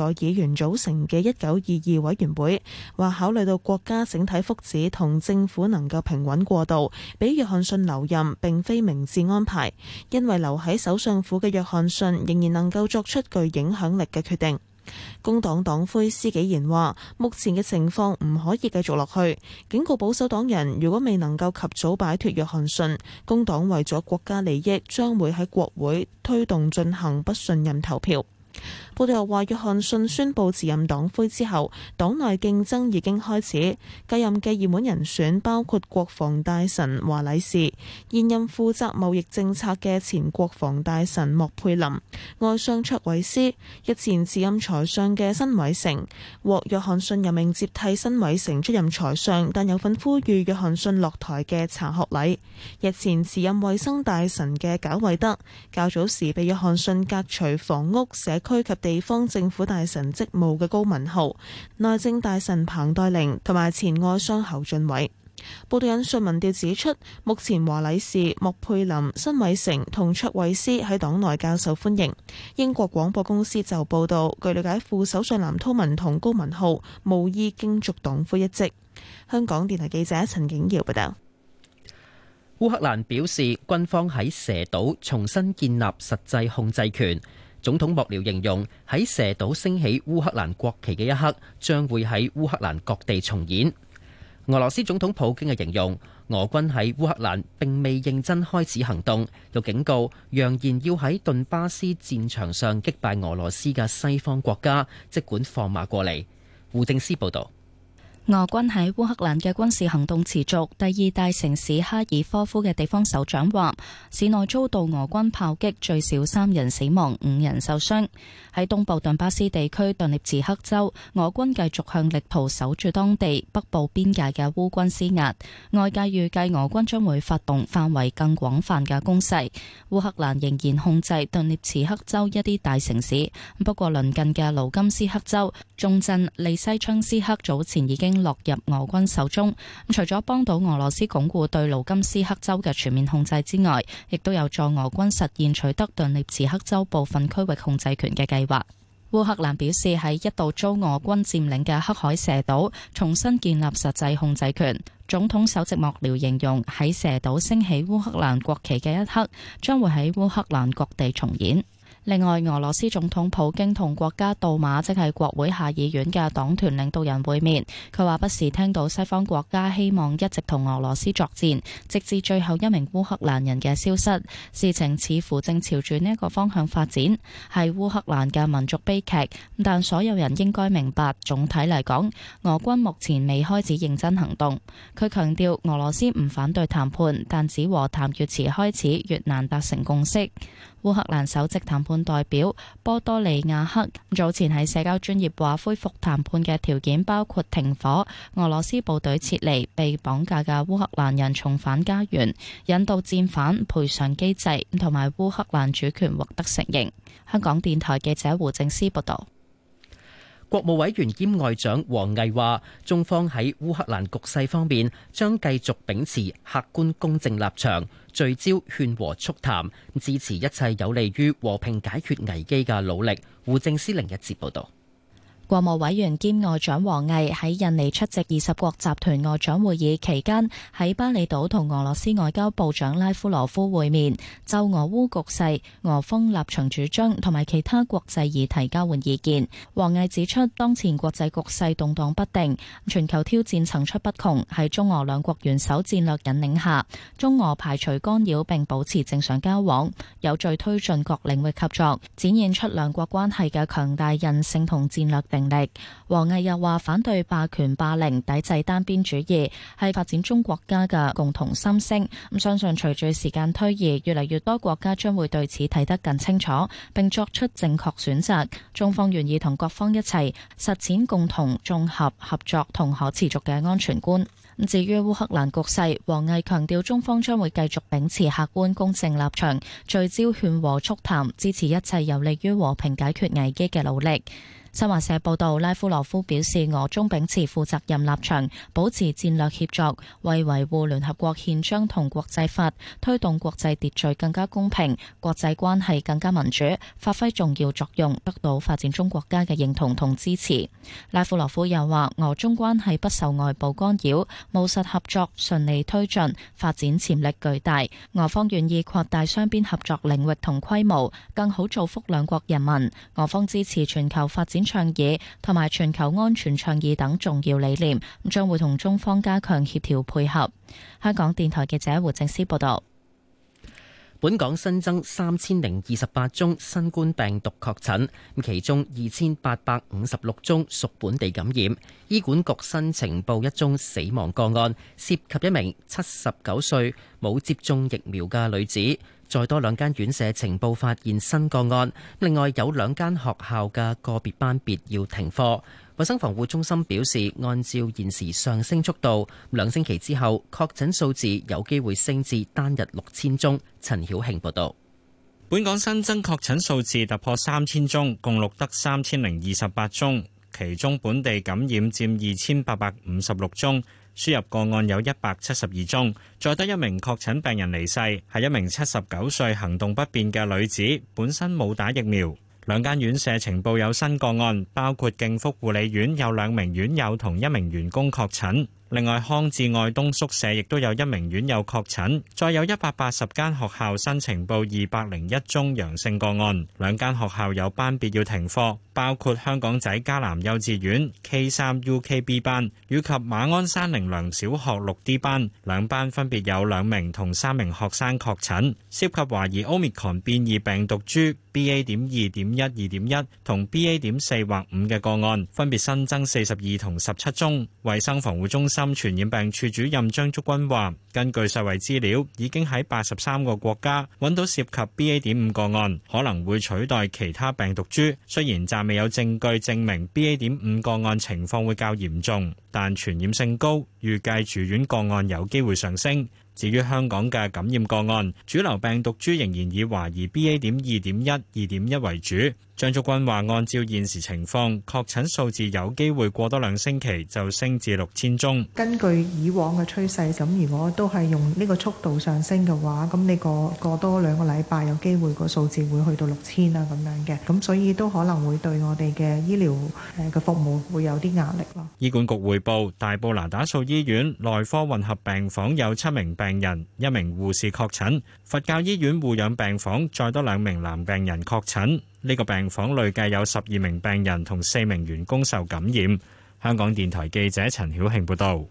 Speaker 11: 在議員組成嘅一九二二委員會話，考慮到國家整體福祉同政府能夠平穩過渡，俾約翰遜留任並非明智安排，因為留喺首相府嘅約翰遜仍然能夠作出具影響力嘅決定。工黨黨魁施紀賢話，目前嘅情況唔可以繼續落去，警告保守黨人，如果未能夠及早擺脫約翰遜，工黨為咗國家利益，將會喺國會推動進行不信任投票。報道又話，約翰遜宣布辭任黨魁之後，黨內競爭已經開始。繼任嘅熱門人選包括國防大臣華禮士，現任負責貿易政策嘅前國防大臣莫佩林，外相卓維斯，日前辭任財相嘅新偉成獲約翰遜任命接替新偉成出任財相，但有份呼籲約翰遜落台嘅查學禮，日前辭任衛生大臣嘅賈偉德，較早時被約翰遜革除房屋社區及地。地方政府大臣職務嘅高文浩、內政大臣彭黛玲同埋前外相侯俊偉。報道引述民調指出，目前華禮士、莫佩琳、辛偉成同卓慧思喺黨內較受歡迎。英國廣播公司就報道，據了解，副首相藍韜文同高文浩無意競逐黨魁一職。香港電台記者陳景瑤報道。
Speaker 10: 烏克蘭表示，軍方喺蛇島重新建立實際控制權。總統幕僚形容，喺蛇島升起烏克蘭國旗嘅一刻，將會喺烏克蘭各地重演。俄羅斯總統普京嘅形容，俄軍喺烏克蘭並未認真開始行動，又警告揚言要喺頓巴斯戰場上擊敗俄羅斯嘅西方國家，即管放馬過嚟。胡定思報導。
Speaker 2: 俄軍喺烏克蘭嘅軍事行動持續。第二大城市哈爾科夫嘅地方首長話，市內遭到俄軍炮擊，最少三人死亡，五人受傷。喺東部頓巴斯地區頓涅茨克州，俄軍繼續向力圖守住當地北部邊界嘅烏軍施壓。外界預計俄軍將會發動範圍更廣泛嘅攻勢。烏克蘭仍然控制頓涅茨克州一啲大城市，不過鄰近嘅盧甘斯克州重鎮利西昌斯克早前已經落入俄軍手中。除咗幫到俄羅斯鞏固對盧甘斯克州嘅全面控制之外，亦都有助俄軍實現取得頓涅茨克州部分區域控制權嘅計劃。烏克蘭表示，喺一度遭俄軍佔領嘅黑海蛇島重新建立實際控制權。總統首席幕僚形容，喺蛇島升起烏克蘭國旗嘅一刻，將會喺烏克蘭各地重演。另外，俄羅斯總統普京同國家杜馬即係國會下議院嘅黨團領導人會面。佢話不時聽到西方國家希望一直同俄羅斯作戰，直至最後一名烏克蘭人嘅消失。事情似乎正朝住呢一個方向發展，係烏克蘭嘅民族悲劇，但所有人應該明白，總體嚟講，俄軍目前未開始認真行動，佢強調俄羅斯唔反對談判，但只和談越遲開始，越難達成共識。烏克蘭首席談判代表波多利亞克早前喺社交專業話，恢復談判嘅條件包括停火、俄羅斯部隊撤離、被綁架嘅烏克蘭人重返家園、引渡戰犯賠償機制，同埋烏克蘭主權獲得承認。香港電台記者胡正思報道。
Speaker 10: 國務委員兼外長王毅話，中方喺烏克蘭局勢方面，將繼續秉持客觀公正立場，聚焦勸和促談，支持一切有利於和平解決危機嘅努力。胡正司另一節報道。
Speaker 2: 國務委員兼外長王毅喺印尼出席二十國集團外長會議期間，喺巴厘島同俄羅斯外交部長拉夫羅夫會面，就俄烏局勢、俄方立場主張同埋其他國際議題交換意見。王毅指出，當前國際局勢動盪不定，全球挑戰層出不窮。喺中俄兩國元首戰略引領下，中俄排除干擾並保持正常交往，有序推進各領域合作，展現出兩國關係嘅強大韌性同戰略定。王毅又話，反對霸權霸凌、抵制單邊主義，係發展中國家嘅共同心聲。咁相信，隨住時間推移，越嚟越多國家將會對此睇得更清楚，並作出正確選擇。中方願意同各方一齊實踐共同、綜合、合作同可持續嘅安全觀。咁至於烏克蘭局勢，王毅強調，中方將會繼續秉持客觀公正立場，聚焦勸和促談，支持一切有利於和平解決危機嘅努力。新華社報道，拉夫羅夫表示，俄中秉持負責任立場，保持戰略協作，為維護聯合國憲章同國際法，推動國際秩序更加公平、國際關係更加民主，發揮重要作用，得到發展中國家嘅認同同支持。拉夫羅夫又話，俄中關係不受外部干擾，務實合作順利推進，發展潛力巨大。俄方願意擴大雙邊合作領域同規模，更好造福兩國人民。俄方支持全球發展倡議同埋全球安全倡議等重要理念，咁將會同中方加強協調配合。香港電台記者胡靜思報道。
Speaker 10: 本港新增三千零二十八宗新冠病毒確診，其中二千八百五十六宗屬本地感染。醫管局申請報一宗死亡個案，涉及一名七十九歲冇接種疫苗嘅女子。再多兩間院舍情報發現新個案。另外有兩間學校嘅個別班別要停課。衞生防護中心表示，按照現時上升速度，兩星期之後確診數字有機會升至單日六千宗。陳曉慶報導，本港新增確診數字突破三千宗，共錄得三千零二
Speaker 14: 十八宗，其中本地感染佔二千八百五十六宗。輸入個案有一百七十二宗，再得一名確診病人離世，係一名七十九歲行動不便嘅女子，本身冇打疫苗。兩間院舍呈報有新個案，包括敬福護理院有兩名院友同一名員工確診。另外，康智愛東宿舍亦都有一名院友確診，再有一百八十間學校新呈報二百零一宗陽性個案，兩間學校有班別要停課，包括香港仔迦南幼稚園 K 三 UKB 班以及馬鞍山靈糧小學六 D 班，兩班分別有兩名同三名學生確診，涉及懷疑奧密克戎變異病毒株 BA. 點二點一、二點一同 BA. 點四或五嘅個案，分別新增四十二同十七宗。衛生防護中心。心傳染病處主任張竹君話，根據世衛資料，已經喺八十三個國家揾到涉及 B A. 點五個案，可能會取代其他病毒株。雖然暫未有證據證明 B A. 點五個案情況會較嚴重，但傳染性高，預計住院個案有機會上升。至於香港嘅感染個案，主流病毒株仍然以懷疑 B A. 點二點一二點一為主。張竹君話，按照現時情況，確診數字有機會過多兩星期就升至六千宗。
Speaker 7: 根據以
Speaker 11: 往嘅趨勢，咁如果都係用呢個速度上升嘅話，咁你過過多兩個禮拜，有機會個數字會去到六千啊，咁樣嘅。咁所以都可能會對我哋嘅醫
Speaker 7: 療誒嘅服務會有啲壓力咯。
Speaker 14: 醫管局匯報，大埔那打素醫院內科混合病房有七名病人，一名護士確診；佛教醫院護養病房再多兩名男病人確診。呢個病房累計有十二名病人同
Speaker 10: 四名員工受感染。香港電台記者陳曉慶報導。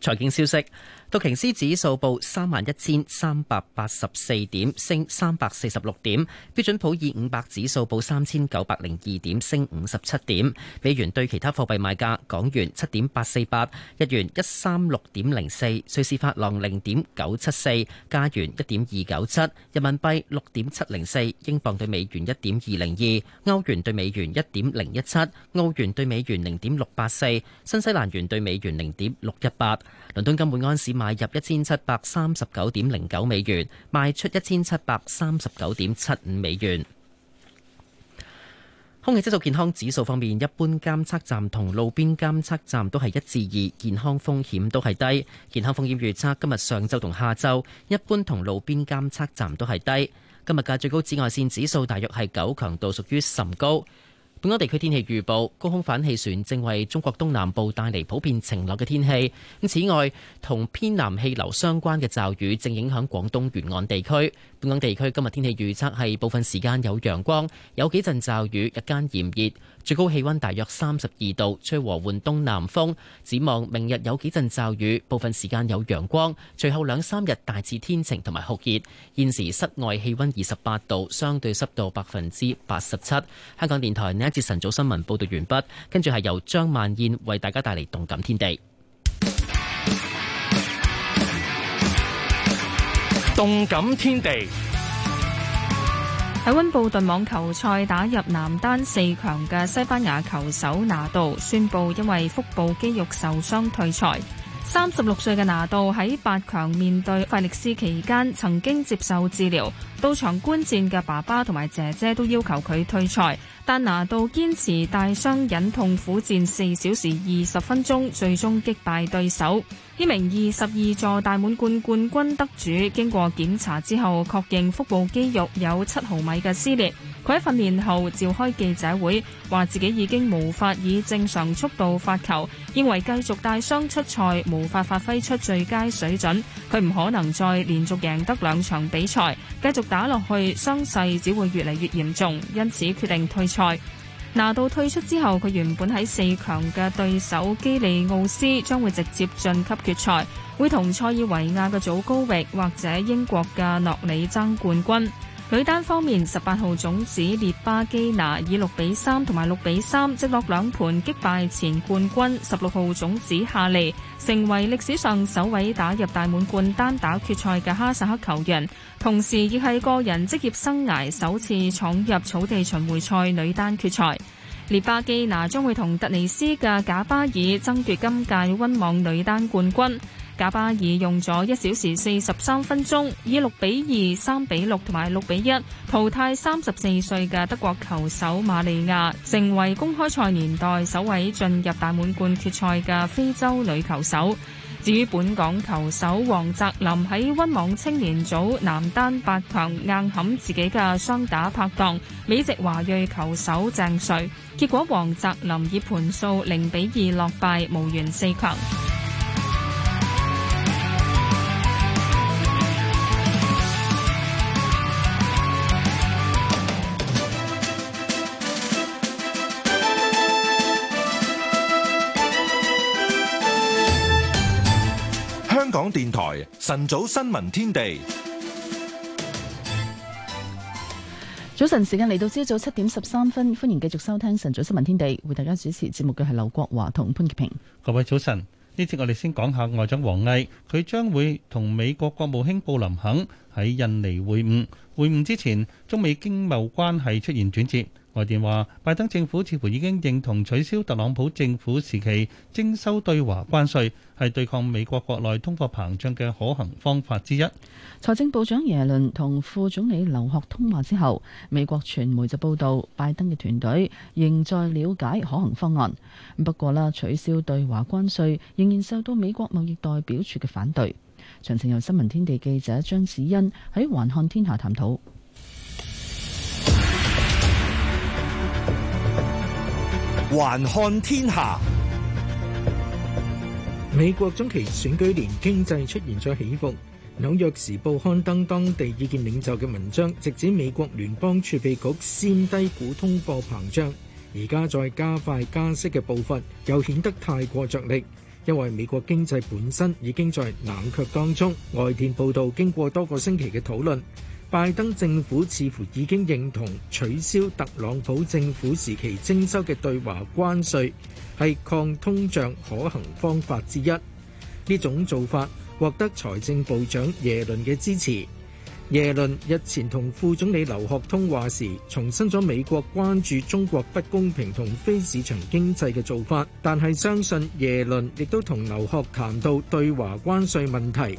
Speaker 10: 財經消息。道瓊斯指數報三萬一千三百八十四點，升三百四十六點。標準普爾五百指數報三千九百零二點，升五十七點。美元對其他貨幣賣價：港元七點八四八，日元一三六點零四，瑞士法郎零點九七四，加元一點二九七，人民幣六點七零四，英鎊對美元一點二零二，歐元對美元一點零一七，澳元對美元零點六八四，新西蘭元對美元零點六一八。倫敦金每安士。買入一千七百三十九點零九美元，賣出一千七百三十九點七五美元。空氣質素健康指數方面，一般監測站同路邊監測站都係一至二，健康風險都係低。健康風險預測今日上晝同下晝，一般同路邊監測站都係低。今日嘅最高紫外線指數大約係九，強度屬於甚高。本港地區天氣預報：高空反氣旋正為中國東南部帶嚟普遍晴朗嘅天氣。咁此外，同偏南氣流相關嘅驟雨正影響廣東沿岸地區。本港地區今日天氣預測係部分時間有陽光，有幾陣驟雨，日間炎熱。最高氣溫大約三十二度，吹和緩東南風。展望明日有幾陣驟雨，部分時間有陽光。隨後兩三日大致天晴同埋酷熱。現時室外氣溫二十八度，相對濕度百分之八十七。香港電台呢一節晨早新聞報道完畢，跟住係由張萬燕為大家帶嚟動感天地。動感天地。
Speaker 7: 喺溫布頓網球賽打入男單四強嘅西班牙球手拿度宣布，因為腹部肌肉受傷退賽。三十六歲嘅拿度喺八強面對費力斯期間曾經接受治療，到場觀戰嘅爸爸同埋姐姐都要求佢退賽，但拿度堅持帶傷忍痛苦戰四小時二十分鐘，最終擊敗對手。呢名二十二座大滿貫冠軍得主經過檢查之後，確認腹部肌肉有七毫米嘅撕裂。佢喺訓練後召開記者會，話自己已經無法以正常速度發球，認為繼續帶傷出賽無法發揮出最佳水準。佢唔可能再連續贏得兩場比賽，繼續打落去傷勢只會越嚟越嚴重，因此決定退賽。拿度退出之後，佢原本喺四強嘅對手基利奧斯將會直接晉級決賽，會同塞爾維亞嘅祖高域或者英國嘅諾里爭冠軍。女單方面，十八號種子列巴基娜以六比三同埋六比三直落兩盤擊敗前冠軍十六號種子夏利成為歷史上首位打入大滿貫單打決賽嘅哈薩克球員，同時亦係個人職業生涯首次闖入草地巡回賽女單決賽。列巴基娜將會同突尼斯嘅賈巴爾爭奪今屆温網女單冠軍。賈巴爾用咗一小時四十三分鐘，以六比二、三比六同埋六比一淘汰三十四歲嘅德國球手瑪利亞，成為公開賽年代首位進入大滿貫決賽嘅非洲女球手。至於本港球手王澤林喺溫網青年組男單八強硬撼自己嘅雙打拍檔美籍華裔球手鄭瑞，結果王澤林以盤數零比二落敗，無緣四強。
Speaker 1: 晨早新聞天地，
Speaker 3: 早晨時間嚟到朝早七點十三分，歡迎繼續收聽晨早新聞天地，為大家主持節目嘅係劉國華同潘潔平。
Speaker 4: 各位早晨，呢次我哋先講下外長王毅，佢將會同美國國務卿布林肯喺印尼會晤。會晤之前，中美經貿關係出現轉折。外電話，拜登政府似乎已經認同取消特朗普政府時期徵收對華關稅，係對抗美國國內通貨膨脹嘅可行方法之一。
Speaker 3: 財政部長耶倫同副總理劉鶴通話之後，美國傳媒就報道，拜登嘅團隊仍在了解可行方案。不過啦，取消對華關稅仍然受到美國貿易代表處嘅反對。詳情由新聞天地記者張子欣喺環看天下探討。
Speaker 15: 還看天下，美國中期選舉年經濟出現咗起伏。紐約時報刊登當地意見領袖嘅文章，直指美國聯邦儲備局先低估通貨膨脹，而家再加快加息嘅步伐，又顯得太過着力。因為美國經濟本身已經在冷卻當中。外電報道，經過多個星期嘅討論。拜登政府似乎已經認同取消特朗普政府時期徵收嘅對華關稅係抗通脹可行方法之一。呢種做法獲得財政部長耶倫嘅支持。耶倫日前同副總理劉鶴通話時，重申咗美國關注中國不公平同非市場經濟嘅做法，但係相信耶倫亦都同劉鶴談到對華關稅問題。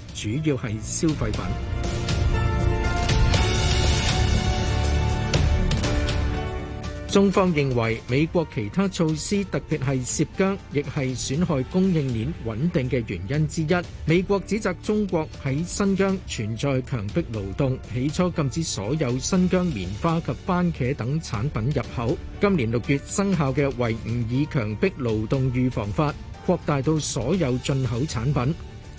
Speaker 15: 主要係消費品。中方認為美國其他措施，特別係涉疆，亦係損害供應鏈穩定嘅原因之一。美國指責中國喺新疆存在強迫勞動，起初禁止所有新疆棉花及番茄等產品入口。今年六月生效嘅《維吾爾強迫勞動預防法》擴大到所有進口產品。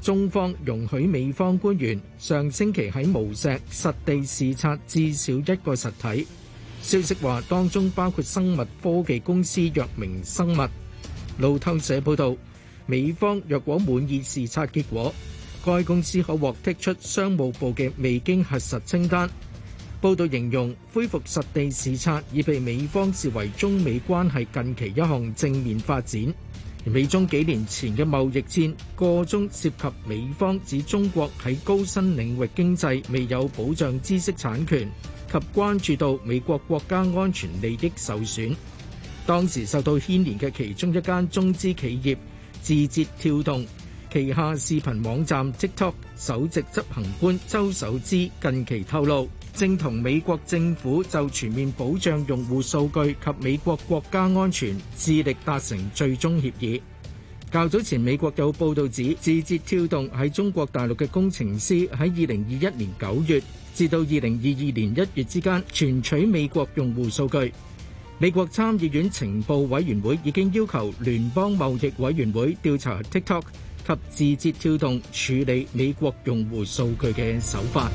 Speaker 15: 中方容許美方官員上星期喺無錫實地視察至少一個實體，消息話當中包括生物科技公司藥明生物。路透社報道，美方若果滿意視察結果，該公司可獲剔出商務部嘅未經核實清單。報道形容恢復實地視察已被美方視為中美關係近期一項正面發展。美中幾年前嘅貿易戰個中涉及美方指中國喺高新領域經濟未有保障知識產權及關注到美國國家安全利益受損，當時受到牽連嘅其中一間中資企業字節跳動旗下視頻網站 TikTok 首席執行官周受資近期透露。正同美國政府就全面保障用戶數據及美國國家安全致力達成最終協議。較早前美國有報道指，字節跳動喺中國大陸嘅工程師喺二零二一年九月至到二零二二年一月之間，存取美國用戶數據。美國參議院情報委員會已經要求聯邦貿易委員會調查 TikTok 及字節跳動處理美國用戶數據嘅手法。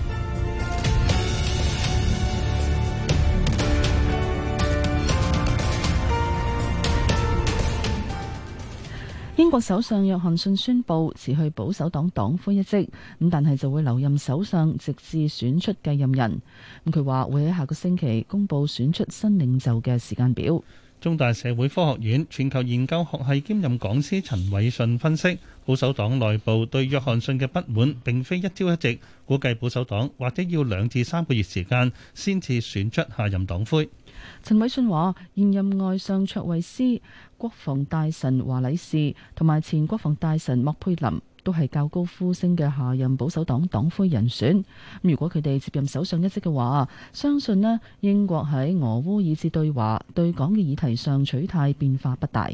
Speaker 3: 英國首相約翰遜宣布辭去保守黨黨魁一職，咁但係就會留任首相，直至選出繼任人。咁佢話會喺下個星期公布選出新領袖嘅時間表。
Speaker 4: 中大社會科學院全球研究學系兼任講師陳偉信分析，保守黨內部對約翰遜嘅不滿並非一朝一夕，估計保守黨或者要兩至三個月時間先至選出下任黨魁。
Speaker 3: 陳偉信話，現任外相卓慧思。國防大臣華禮士同埋前國防大臣莫佩林，都係較高呼聲嘅下任保守黨黨魁人選。如果佢哋接任首相一職嘅話，相信呢，英國喺俄烏以至對華對港嘅議題上取態變化不大。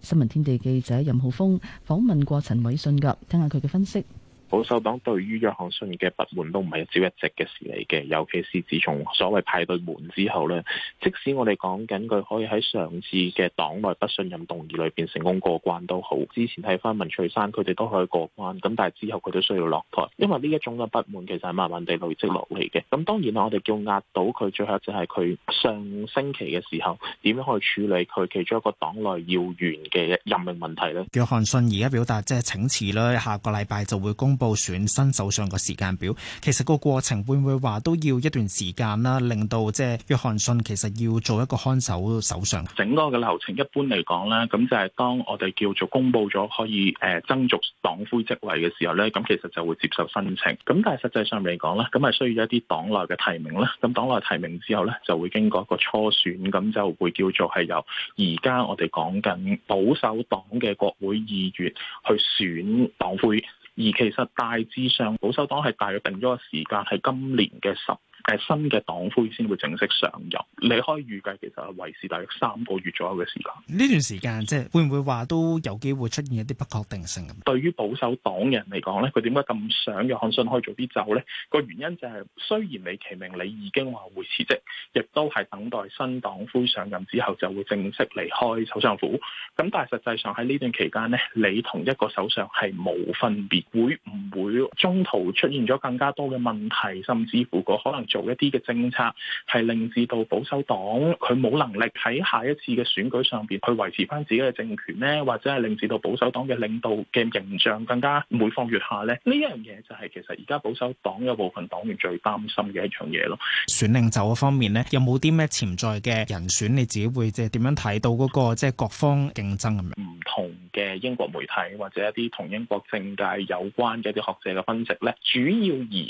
Speaker 3: 新聞天地記者任浩峰訪問過陳偉信噶，聽下佢嘅分析。
Speaker 16: 保守黨對於約翰遜嘅不滿都唔係一朝一夕嘅事嚟嘅，尤其是自從所謂派對門之後咧。即使我哋講緊佢可以喺上次嘅黨內不信任動議裏邊成功過關都好，之前睇返文翠山佢哋都可以過關，咁但係之後佢都需要落台，因為呢一種嘅不滿其實係慢慢地累積落嚟嘅。咁當然啦，我哋叫壓倒佢最後就係佢上星期嘅時候點樣去處理佢其中一個黨內要員嘅任命問題咧。
Speaker 14: 約翰遜而家表達即係請辭啦，下個禮拜就會公。報選新首相個時間表，其實個過程會唔會話都要一段時間啦？令到即係約翰遜其實要做一個看守首相，
Speaker 16: 整個嘅流程一般嚟講啦，咁就係當我哋叫做公布咗可以誒、呃、增逐黨魁職位嘅時候咧，咁其實就會接受申請。咁但係實際上嚟講咧，咁係需要一啲黨內嘅提名啦。咁黨內提名之後咧，就會經過一個初選，咁就會叫做係由而家我哋講緊保守黨嘅國會議員去選黨魁。而其實大致上，保守黨係大約定咗個時間，係今年嘅十年。係新嘅黨魁先會正式上任，你可以預計其實係維持大約三個月左右嘅時間。
Speaker 14: 呢段時間即係會唔會話都有機會出現一啲不確定性？
Speaker 16: 對於保守黨嘅人嚟講咧，佢點解咁想約翰遜可以早啲走咧？個原因就係、是、雖然你其名你已經話會辭職，亦都係等待新黨魁上任之後就會正式離開首相府。咁但係實際上喺呢段期間咧，你同一個首相係冇分別。會唔會中途出現咗更加多嘅問題，甚至乎個可能？做一啲嘅政策，係令至到保守黨佢冇能力喺下一次嘅選舉上邊去維持翻自己嘅政權咧，或者係令至到保守黨嘅領導嘅形象更加每況愈下咧。呢一樣嘢就係其實而家保守黨有部分黨員最擔心嘅一樣嘢咯。
Speaker 14: 選領袖嘅方面咧，有冇啲咩潛在嘅人選？你自己會即係點樣睇到嗰個即係各方競爭咁樣？唔同
Speaker 16: 嘅英國媒體或者一啲同英國政界有關嘅一啲學者嘅分析咧，主要而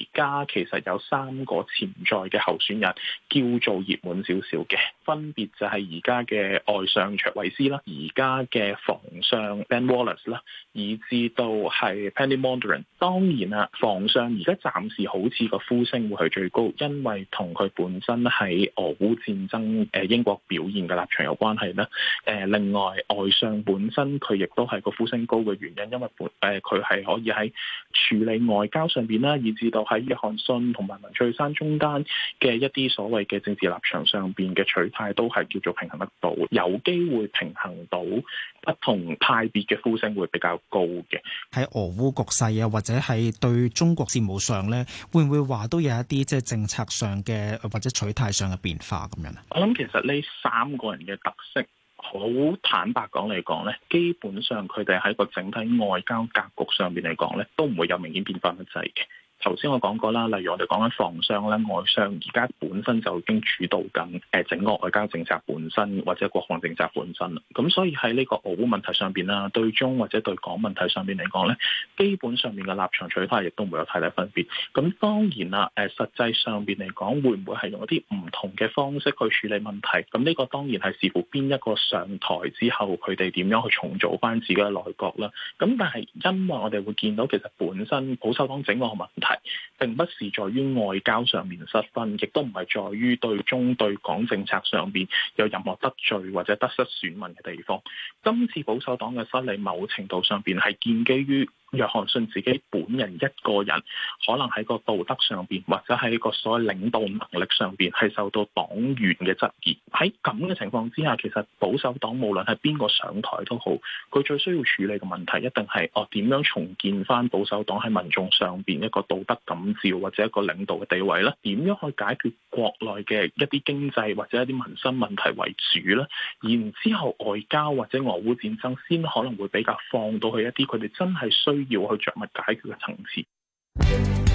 Speaker 16: 家其實有三個潛。在嘅候選人叫做熱門少少嘅，分別就係而家嘅外相卓慧思啦，而家嘅防相 Ben Wallace 啦，以至到係 Penny Mordaunt。當然啦，防相而家暫時好似個呼聲會係最高，因為同佢本身喺俄烏戰爭誒英國表現嘅立場有關係咧。誒，另外外相本身佢亦都係個呼聲高嘅原因，因為誒佢係可以喺處理外交上邊啦，以至到喺約翰遜同埋文翠珊中。間嘅一啲所謂嘅政治立場上邊嘅取態都係叫做平衡得到，有機會平衡到不同派別嘅呼聲會比較高
Speaker 14: 嘅。喺俄烏局勢啊，或者係對中國事務上咧，會唔會話都有一啲即係政策上嘅或者取態上嘅變化咁樣咧？
Speaker 16: 我諗其實呢三個人嘅特色，好坦白講嚟講咧，基本上佢哋喺個整體外交格局上邊嚟講咧，都唔會有明顯變化不滯嘅。頭先我講過啦，例如我哋講緊防商咧，外商而家本身就已經主導緊誒整個外交政策本身或者國防政策本身。咁所以喺呢個澳問題上邊啦，對中或者對港問題上邊嚟講咧，基本上面嘅立場取態亦都唔會有太大分別。咁當然啦，誒實際上邊嚟講，會唔會係用一啲唔同嘅方式去處理問題？咁呢個當然係視乎邊一個上台之後，佢哋點樣去重組翻自己嘅內閣啦。咁但係因為我哋會見到其實本身保守黨整個個問題。並不是在於外交上面失分，亦都唔係在於對中對港政策上邊有任何得罪或者得失選民嘅地方。今次保守黨嘅失利，某程度上邊係建基於。約翰遜自己本人一個人，可能喺個道德上邊或者喺個所謂領導能力上邊係受到黨員嘅質疑。喺咁嘅情況之下，其實保守黨無論係邊個上台都好，佢最需要處理嘅問題一定係哦點樣重建翻保守黨喺民衆上邊一個道德感召，或者一個領導嘅地位咧？點樣去解決？國內嘅一啲經濟或者一啲民生問題為主啦，然之後外交或者俄烏戰爭，先可能會比較放到去一啲佢哋真係需要去着物解決嘅層次。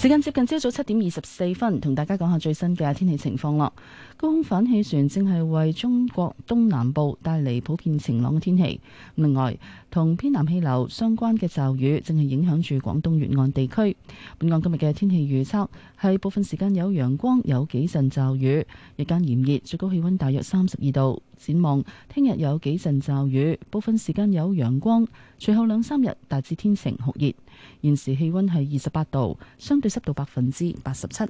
Speaker 3: 時間接近朝早七點二十四分，同大家講下最新嘅天氣情況啦。高空反氣旋正係為中國東南部帶嚟普遍晴朗嘅天氣。另外，同偏南氣流相關嘅驟雨正係影響住廣東沿岸地區。本港今日嘅天氣預測係部分時間有陽光，有幾陣驟雨，日間炎熱，最高氣温大約三十二度。展望聽日有幾陣驟雨，部分時間有陽光。隨後兩三日大致天晴酷熱。現時氣溫係二十八度，相對濕度百分之八十七。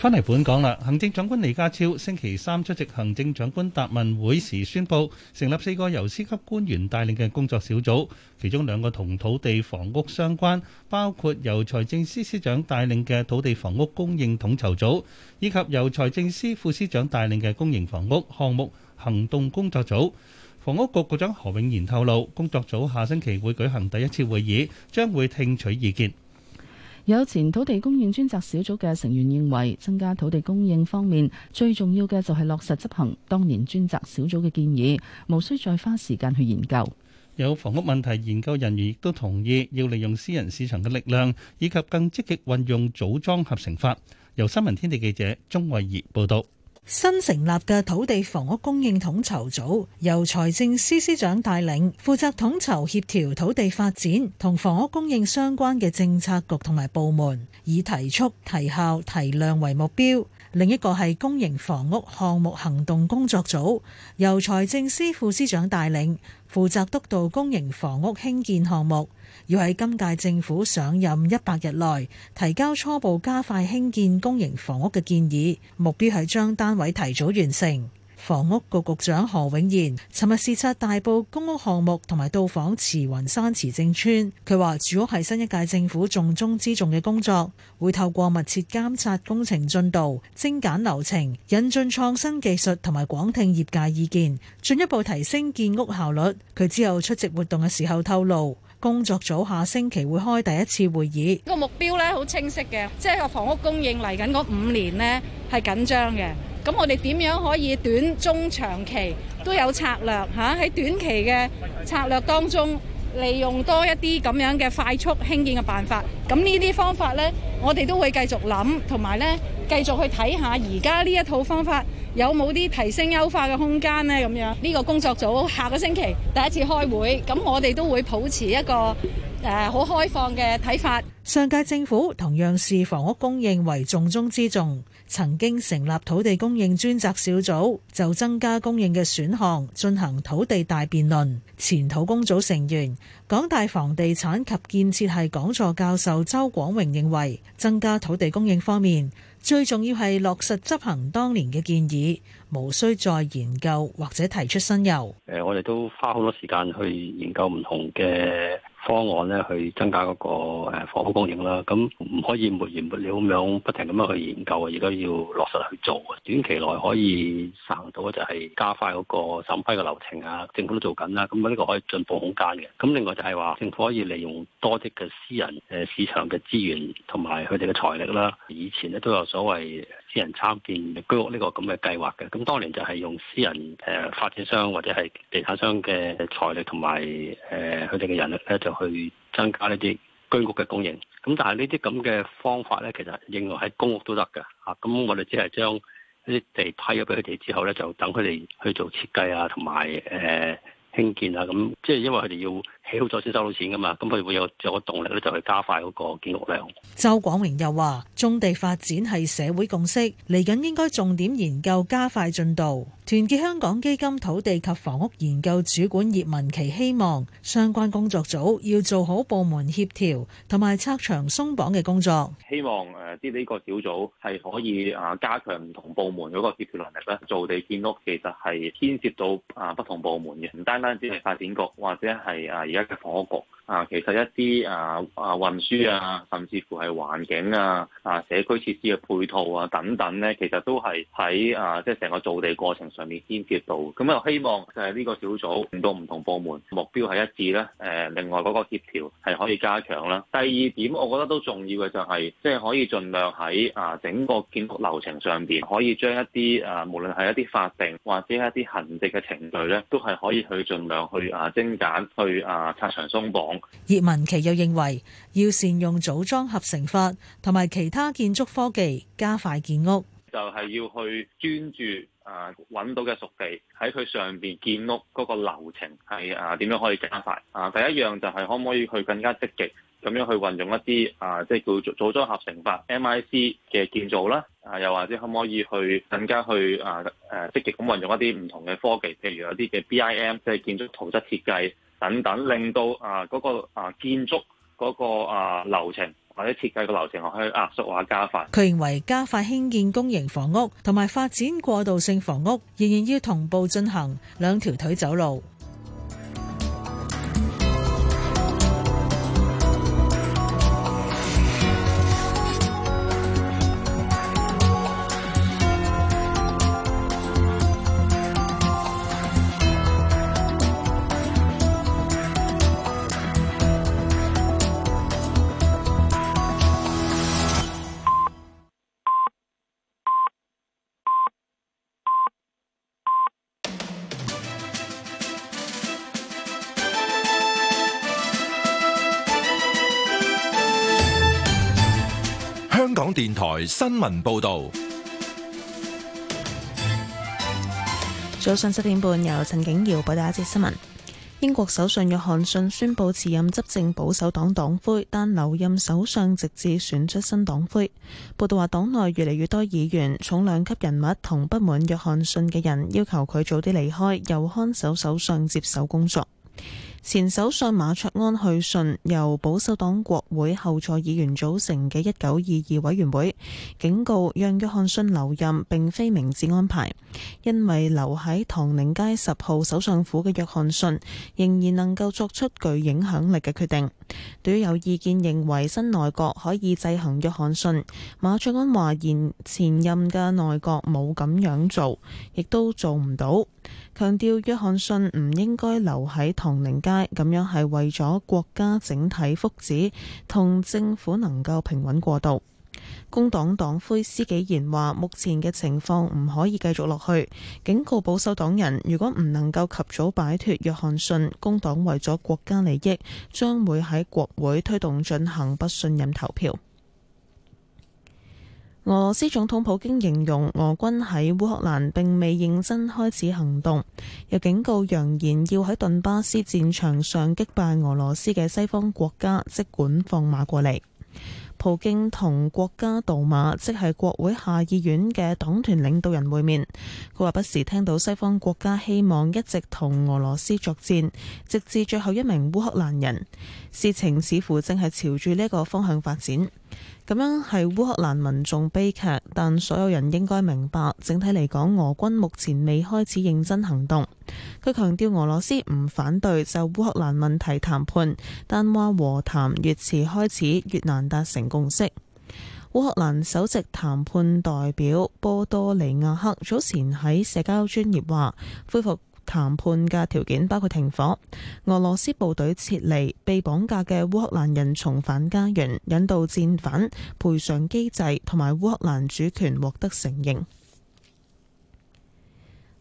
Speaker 4: 翻嚟本港啦，行政長官李家超星期三出席行政長官答問會時，宣布成立四個由司級官員帶領嘅工作小組，其中兩個同土地房屋相關，包括由財政司司司長帶領嘅土地房屋供應統籌組組，以及由財政司副司長帶領嘅公營房屋項目行動工作組。房屋局局長何永賢透露，工作組下星期會舉行第一次會議，將會聽取意見。
Speaker 3: 有前土地供應專責小組嘅成員認為，增加土地供應方面最重要嘅就係落實執行當年專責小組嘅建議，無需再花時間去研究。
Speaker 4: 有房屋問題研究人員亦都同意，要利用私人市場嘅力量，以及更積極運用組裝合成法。由新聞天地記者鍾慧儀報道。
Speaker 9: 新成立嘅土地房屋供應統籌組，由財政司司長帶領，負責統籌協調土地發展同房屋供應相關嘅政策局同埋部門，以提速、提效、提量為目標。另一個係公營房屋項目行動工作組，由財政司副司長帶領，負責督導公營房屋興建項目。要喺今屆政府上任一百日內提交初步加快興建公營房屋嘅建議，目標係將單位提早完成。房屋局局長何永賢尋日視察大埔公屋項目，同埋到訪慈雲山慈正邨。佢話住屋係新一屆政府重中之重嘅工作，會透過密切監察工程進度、精簡流程、引進創新技術同埋廣聽業界意見，進一步提升建屋效率。佢之後出席活動嘅時候透露。工作組下星期會開第一次會議。
Speaker 3: 個目標咧好清晰嘅，即係個房屋供應嚟緊嗰五年呢係緊張嘅。咁我哋點樣可以短、中、長期都有策略吓？喺短期嘅策略當中，利用多一啲咁樣嘅快速興建嘅辦法。咁呢啲方法呢，我哋都會繼續諗，同埋呢繼續去睇下而家呢一套方法。有冇啲提升優化嘅空間咧？咁樣，呢個工作組下個星期第一次開會，咁我哋都會保持一個誒好、
Speaker 7: 呃、開放嘅睇法。
Speaker 9: 上屆政府同樣視房屋供應為重中之重，曾經成立土地供應專責小組，就增加供應嘅選項進行土地大辯論，前土工組成員港大房地產及建設系講座教授周廣榮認為增加土地供應方面，最重要係落實執行當年嘅建議。無需再研究或者提出新
Speaker 17: 油。誒，我哋都花好多時間去研究唔同嘅方案咧，去增加嗰個誒房屋供應啦。咁唔可以沒完沒了咁樣不停咁樣去研究，而家要落實去做。短期內可以省到就係加快嗰個審批嘅流程啊。政府都做緊啦，咁呢個可以進步空間嘅。咁另外就係話，政府可以利用多啲嘅私人誒市場嘅資源同埋佢哋嘅財力啦。以前咧，都有所謂。私人參建居屋呢個咁嘅計劃嘅，咁當年就係用私人誒、呃、發展商或者係地產商嘅財力同埋誒佢哋嘅人力咧，就去增加呢啲居屋嘅供應。咁但係呢啲咁嘅方法咧，其實應用喺公屋都得㗎吓。咁、啊、我哋只係將啲地批咗俾佢哋之後咧，就等佢哋去做設計啊，同埋誒。呃興建啊，咁即係因為佢哋要起好咗先收到錢噶嘛，咁佢哋會有有個
Speaker 18: 動力咧，就係加快嗰個建屋量。
Speaker 9: 周廣榮又話，種地發展係社會共識，嚟緊應該重點研究加快進度。團結香港基金土地及房屋研究主管葉文琪希望，相關工作組要做好部門協調同埋拆牆鬆綁嘅工作。
Speaker 18: 希望誒，啲呢個小組係可以啊，加強唔同部門嗰個協調能力咧。做地建屋其實係牽涉到啊，不同部門嘅唔單。或者係發展局，或者係啊，而家嘅房屋局。啊，其實一啲啊啊運輸啊，甚至乎係環境啊、啊社區設施嘅配套啊等等咧，其實都係喺啊即係成個造地過程上面牽涉到。咁我希望就係呢個小組令到唔同部門目標係一致咧。誒，另外嗰個協調係可以加強啦。第二點，我覺得都重要嘅就係，即係可以儘量喺啊整個建築流程上邊，可以將一啲啊無論係一啲法定或者一啲行政嘅程序咧，都係可以去儘量去啊精簡，去啊拆牆鬆綁。
Speaker 9: 葉文琪又認為，要善用組裝合成法同埋其他建築科技，加快建屋。
Speaker 18: 就係要去專注誒搵到嘅熟地，喺佢上邊建屋嗰個流程係誒點樣可以加快啊？第一樣就係可唔可以去更加積極咁樣去運用一啲啊，即係叫做組裝合成法 （MIC） 嘅建造啦。啊，又或者可唔可以去更加去啊誒積極咁運用一啲唔同嘅科技，譬如有啲嘅 BIM 即係建築圖則設計。等等，令到啊嗰個啊建築嗰個啊流程或者設計個流程可以壓縮或加快。佢認
Speaker 9: 為加快興建公營房屋同埋發展過渡性房屋，仍然要同步進行兩條腿走路。
Speaker 1: 電台新聞報道：
Speaker 11: 早上七點半，由陳景堯報道一節新聞。英國首相約翰遜宣布辭任執政保守黨黨魁，但留任首相直至選出新黨魁。報道話，黨內越嚟越多議員、重量級人物同不滿約翰遜嘅人要求佢早啲離開，由看守首相接手工作。前首相馬卓安去信由保守黨國會後座議員組成嘅一九二二委員會，警告讓約翰遜留任並非明智安排，因為留喺唐寧街十號首相府嘅約翰遜仍然能夠作出具影響力嘅決定。對於有意見認為新內閣可以制衡約翰遜，馬卓安話，以前任嘅內閣冇咁樣做，亦都做唔到。強調約翰遜唔應該留喺唐寧街，咁樣係為咗國家整體福祉同政府能夠平穩過渡。工黨黨魁施紀賢話，目前嘅情況唔可以繼續落去，警告保守黨人，如果唔能夠及早擺脱約翰遜，工黨為咗國家利益，將會喺國會推動進行不信任投票。俄羅斯總統普京形容俄軍喺烏克蘭並未認真開始行動，又警告揚言要喺頓巴斯戰場上擊敗俄羅斯嘅西方國家，即管放馬過嚟。普京同國家杜馬，即係國會下議院嘅黨團領導人會面，佢話，不時聽到西方國家希望一直同俄羅斯作戰，直至最後一名烏克蘭人。事情似乎正係朝住呢個方向發展。咁樣係烏克蘭民眾悲劇，但所有人應該明白，整體嚟講，俄軍目前未開始認真行動。佢強調俄羅斯唔反對就烏克蘭問題談判，但話和談越遲開始，越難達成共識。烏克蘭首席談判代表波多利亞克早前喺社交專頁話，恢復。談判嘅條件包括停火、俄羅斯部隊撤離、被綁架嘅烏克蘭人重返家園、引渡戰犯、賠償機制同埋烏克蘭主權獲得承認。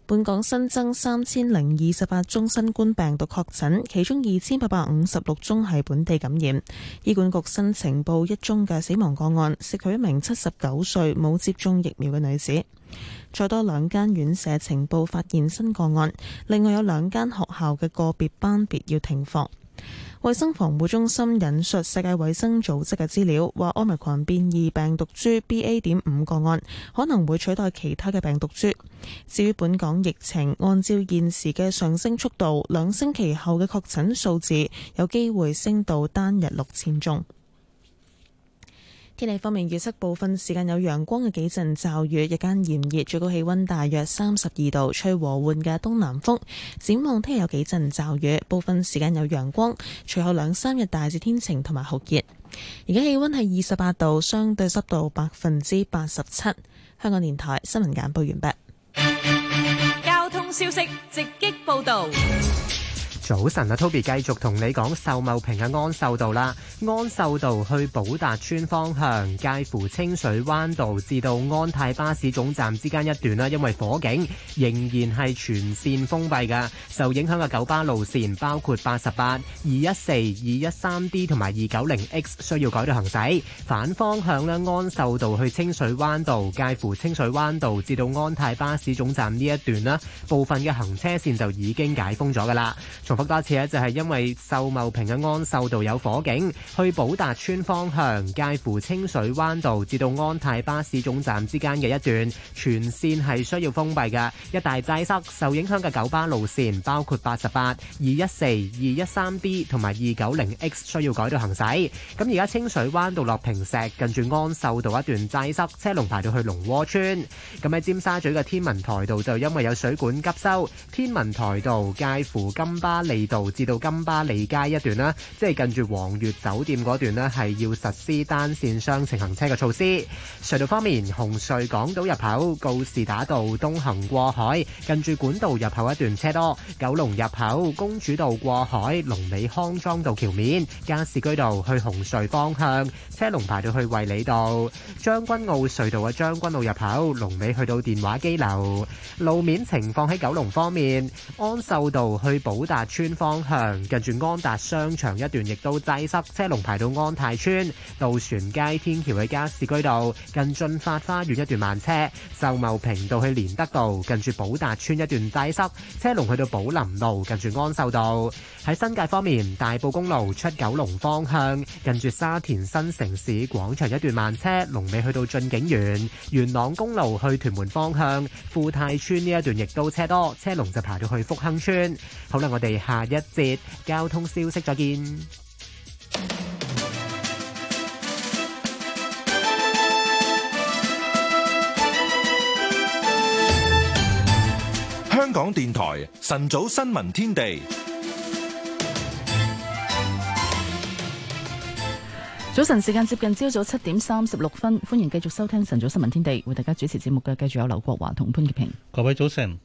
Speaker 11: 本港新增三千零二十八宗新冠病毒確診，其中二千八百五十六宗係本地感染。醫管局新呈報一宗嘅死亡個案，涉及一名七十九歲冇接種疫苗嘅女子。再多兩間院舍呈報發現新個案，另外有兩間學校嘅個別班別要停課。衛生防護中心引述世界衛生組織嘅資料，話奧密克戎變異病毒株 BA. 點五個案可能會取代其他嘅病毒株。至於本港疫情，按照現時嘅上升速度，兩星期後嘅確診數字有機會升到單日六千宗。天氣方面，預測部分時間有陽光嘅幾陣驟雨，日間炎熱，最高氣溫大約三十二度，吹和緩嘅東南風。展望聽日有幾陣驟雨，部分時間有陽光，隨後兩三日大致天晴同埋酷熱。而家氣溫係二十八度，相對濕度百分之八十七。香
Speaker 12: 港電台新聞簡報完畢。
Speaker 5: 交通消息直擊報道。
Speaker 12: 早晨啊，Toby 繼續同你講秀茂坪嘅安秀道啦。安秀道去寶達村方向，介乎清水灣道至到安泰巴士總站之間一段啦，因為火警仍然係全線封閉噶。受影響嘅九巴路線包括八十八、二一四、二一三 D 同埋二九零 X 需要改道行駛。反方向呢，安秀道去清水灣道介乎清水灣道至到安泰巴士總站呢一段啦，部分嘅行車線就已經解封咗噶啦。好多次咧，就係因為秀茂坪嘅安秀道有火警，去寶達村方向介乎清水灣道至到安泰巴士總站之間嘅一段，全線係需要封閉嘅，一帶擠塞。受影響嘅九巴路線包括八十八二一四二一三 b 同埋二九零 x 需要改道行駛。咁而家清水灣道落坪石近住安秀道一段擠塞，車龍排到去龍窩村。咁喺尖沙咀嘅天文台道就因為有水管急修，天文台道介乎金巴。利道至到金巴利街一段啦，即係近住皇悅酒店嗰段咧，係要實施單綫雙程行車嘅措施。隧道方面，紅隧港島入口告士打道東行過海，近住管道入口一段車多；九龍入口公主道過海，龍尾康莊道橋面、加士居道去紅隧方向，車龍排到去衛理道、將軍澳隧道嘅將軍澳入口，龍尾去到電話機樓。路面情況，喺九龍方面，安秀道去寶達村方向近住安達商場一段亦都擠塞，車龍排到安泰村、渡船街天橋去加士居道，近駿發花園一段慢車，秀茂坪道去連德道，近住寶達村一段擠塞，車龍去到寶林路，近住安秀道。喺新界方面，大埔公路出九龍方向，近住沙田新城市廣場一段慢車，龍尾去到駿景園，元朗公路去屯門方向，富泰村呢一段亦都車多，車龍就排到去福亨村。好啦，我哋。下一節交通消息再見。
Speaker 1: 香港電台晨早新聞天地，
Speaker 3: 早晨時間接近朝早七點三十六分，歡迎繼續收聽晨早新聞天地，為大家主持節目嘅繼續有劉國華同潘潔平。
Speaker 4: 各位早晨。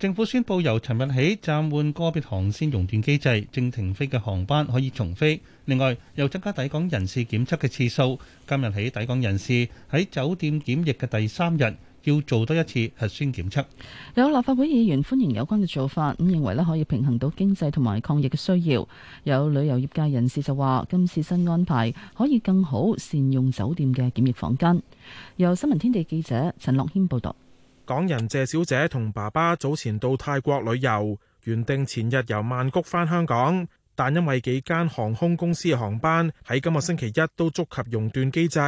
Speaker 4: 政府宣布由尋日起暫緩個別航線熔斷機制，正停飛嘅航班可以重飛。另外，又增加抵港人士檢測嘅次數。今日起，抵港人士喺酒店檢疫嘅第三日要做多一次核酸檢測。
Speaker 3: 有立法會議員歡迎有關嘅做法，咁認為呢可以平衡到經濟同埋抗疫嘅需要。有旅遊業界人士就話，今次新安排可以更好善用酒店嘅檢疫房間。由新聞天地記者陳樂軒報道。
Speaker 13: 港人謝小姐同爸爸早前到泰國旅遊，原定前日由曼谷翻香港，但因為幾間航空公司航班喺今個星期一都觸及熔斷機制，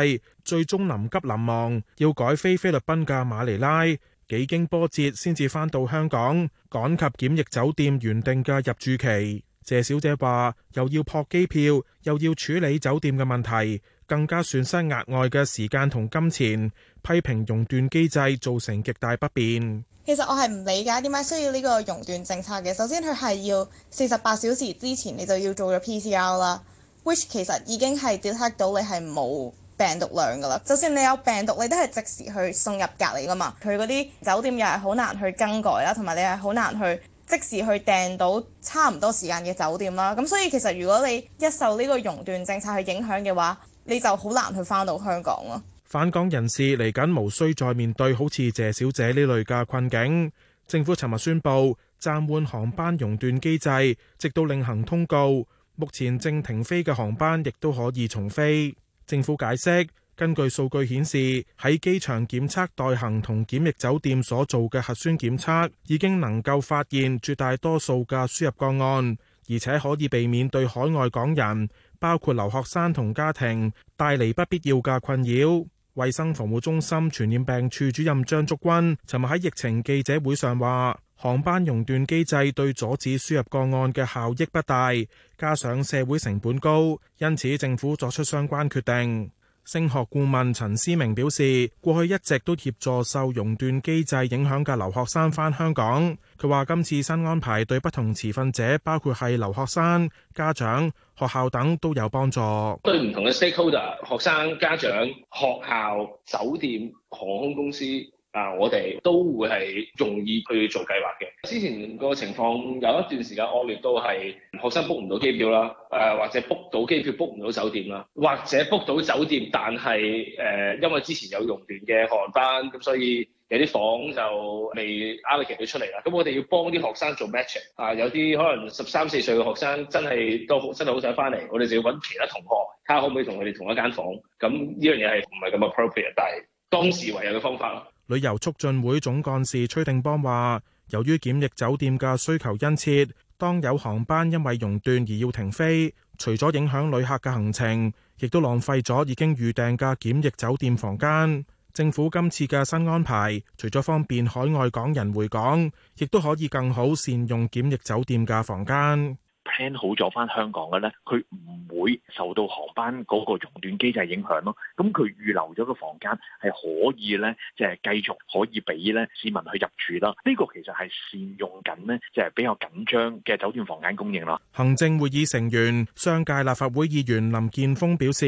Speaker 13: 最終臨急臨忙要改飛菲律賓嘅馬尼拉，幾經波折先至翻到香港，趕及檢疫酒店原定嘅入住期。謝小姐話又要撲機票，又要處理酒店嘅問題。更加損失額外嘅時間同金錢，批評熔斷機制造成極大不便。
Speaker 11: 其實我係唔理解點解需要呢個熔斷政策嘅。首先，佢係要四十八小時之前你就要做咗 PCR 啦，which 其實已經係 detect 到你係冇病毒量㗎啦。就算你有病毒，你都係即時去送入隔離㗎嘛。佢嗰啲酒店又係好難去更改啦，同埋你係好難去即時去訂到差唔多時間嘅酒店啦。咁所以其實如果你一受呢個熔斷政策去影響嘅話，你就好難去返到香港。
Speaker 13: 返港人士嚟緊，無需再面對好似謝小姐呢類嘅困境。政府尋日宣布暫緩航班熔斷機制，直到另行通告。目前正停飛嘅航班亦都可以重飛。政府解釋，根據數據顯示，喺機場檢測、待行同檢疫酒店所做嘅核酸檢測，已經能夠發現絕大多數嘅輸入個案。而且可以避免對海外港人，包括留學生同家庭，帶嚟不必要嘅困擾。衛生防護中心傳染病處主任張竹君尋日喺疫情記者會上話，航班熔斷機制對阻止輸入個案嘅效益不大，加上社會成本高，因此政府作出相關決定。升學顧問陳思明表示，過去一直都協助受熔斷機制影響嘅留學生返香港。佢話今次新安排對不同持份者，包括係留學生、家長、學校等，都有幫助。對
Speaker 17: 唔同嘅 stakeholder，學生、家長、學校、酒店、航空公司。啊！我哋都會係容易去做計劃嘅。之前個情況有一段時間惡劣，我哋都係學生 book 唔到機票啦，誒、啊、或者 book 到機票 book 唔到酒店啦，或者 book 到酒店，但係誒、呃、因為之前有熔斷嘅航班，咁所以有啲房就未 allocate 出嚟啦。咁我哋要幫啲學生做 match，啊有啲可能十三四歲嘅學生真係都真係好想翻嚟，我哋就要揾其他同學睇下可唔可以同佢哋同一間房。咁呢樣嘢係唔係咁 appropriate，但係當時唯有嘅方法咯。
Speaker 13: 旅遊促進會總幹事崔定邦話，由於檢疫酒店嘅需求殷切，當有航班因為熔斷而要停飛，除咗影響旅客嘅行程，亦都浪費咗已經預訂嘅檢疫酒店房間。政府今次嘅新安排，除咗方便海外港人回港，亦都可以更好善用檢疫酒店嘅房間。
Speaker 16: plan 好咗返香港嘅呢，佢唔會受到航班嗰個熔斷機制影響咯。咁佢預留咗個房間係可以呢，即係繼續可以俾咧市民去入住啦。呢個其實係善用緊呢，即係比較緊張嘅酒店房間供應啦。
Speaker 13: 行政會議成員、商界、立法會議員林建峰表示，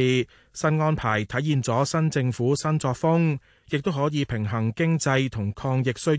Speaker 13: 新安排體現咗新政府新作風，亦都可以平衡經濟同抗疫需要。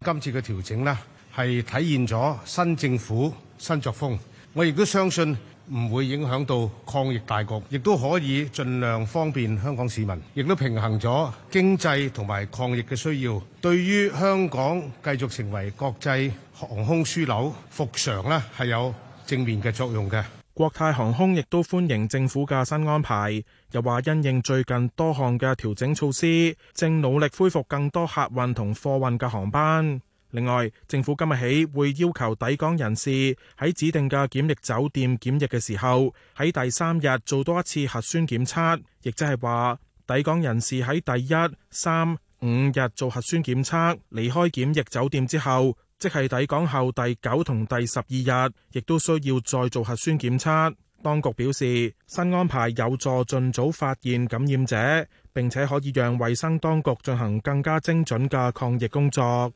Speaker 13: 今次嘅調整咧，係體現咗新政府，新作風，我亦都相信唔會影響到抗疫大局，亦都可以盡量方便香港市民，亦都平衡咗經濟同埋抗疫嘅需要。對於香港繼續成為國際航空樞紐復常咧，係有正面嘅作用嘅。國泰航空亦都歡迎政府嘅新安排，又話因應最近多項嘅調整措施，正努力恢復更多客運同貨運嘅航班。另外，政府今日起會要求抵港人士喺指定嘅檢疫酒店檢疫嘅時候，喺第三日做多一次核酸檢測，亦即係話抵港人士喺第一、三、五日做核酸檢測，離開檢疫酒店之後，即係抵港後第九同第十二日，亦都需要再做核酸檢測。當局表示，新安排有助盡早發現感染者，並且可以讓衛生當局進行更加精準嘅抗疫工作。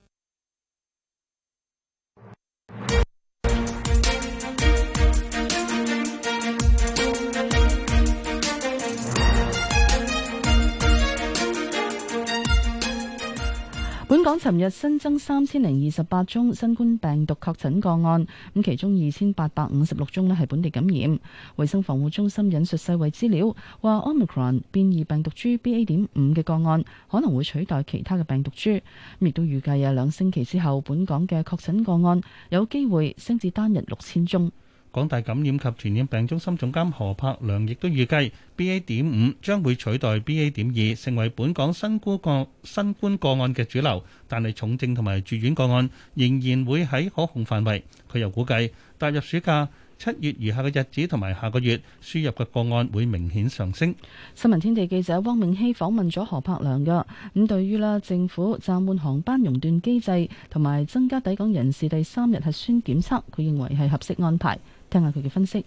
Speaker 3: 港尋日新增三千零二十八宗新冠病毒確診個案，咁其中二千八百五十六宗咧係本地感染。衛生防護中心引述世衛資料，話 Omicron 變異病毒株 BA 點五嘅個案可能會取代其他嘅病毒株，亦都預計有兩星期之後，本港嘅確診個案有機會升至單日六千宗。
Speaker 4: 港大感染及傳染病中心總監何柏良亦都預計 B A. 點五將會取代 B A. 點二成為本港新冠個新冠個案嘅主流，但係重症同埋住院個案仍然會喺可控範圍，佢又估計踏入暑假，七月餘下嘅日子同埋下個月輸入嘅個案會明顯上升。
Speaker 3: 新聞天地記者汪明希訪問咗何柏良噶。咁對於啦政府暫緩航班熔斷機制同埋增加抵港人士第三日核酸檢測，佢認為係合適安排。聽下佢嘅分析。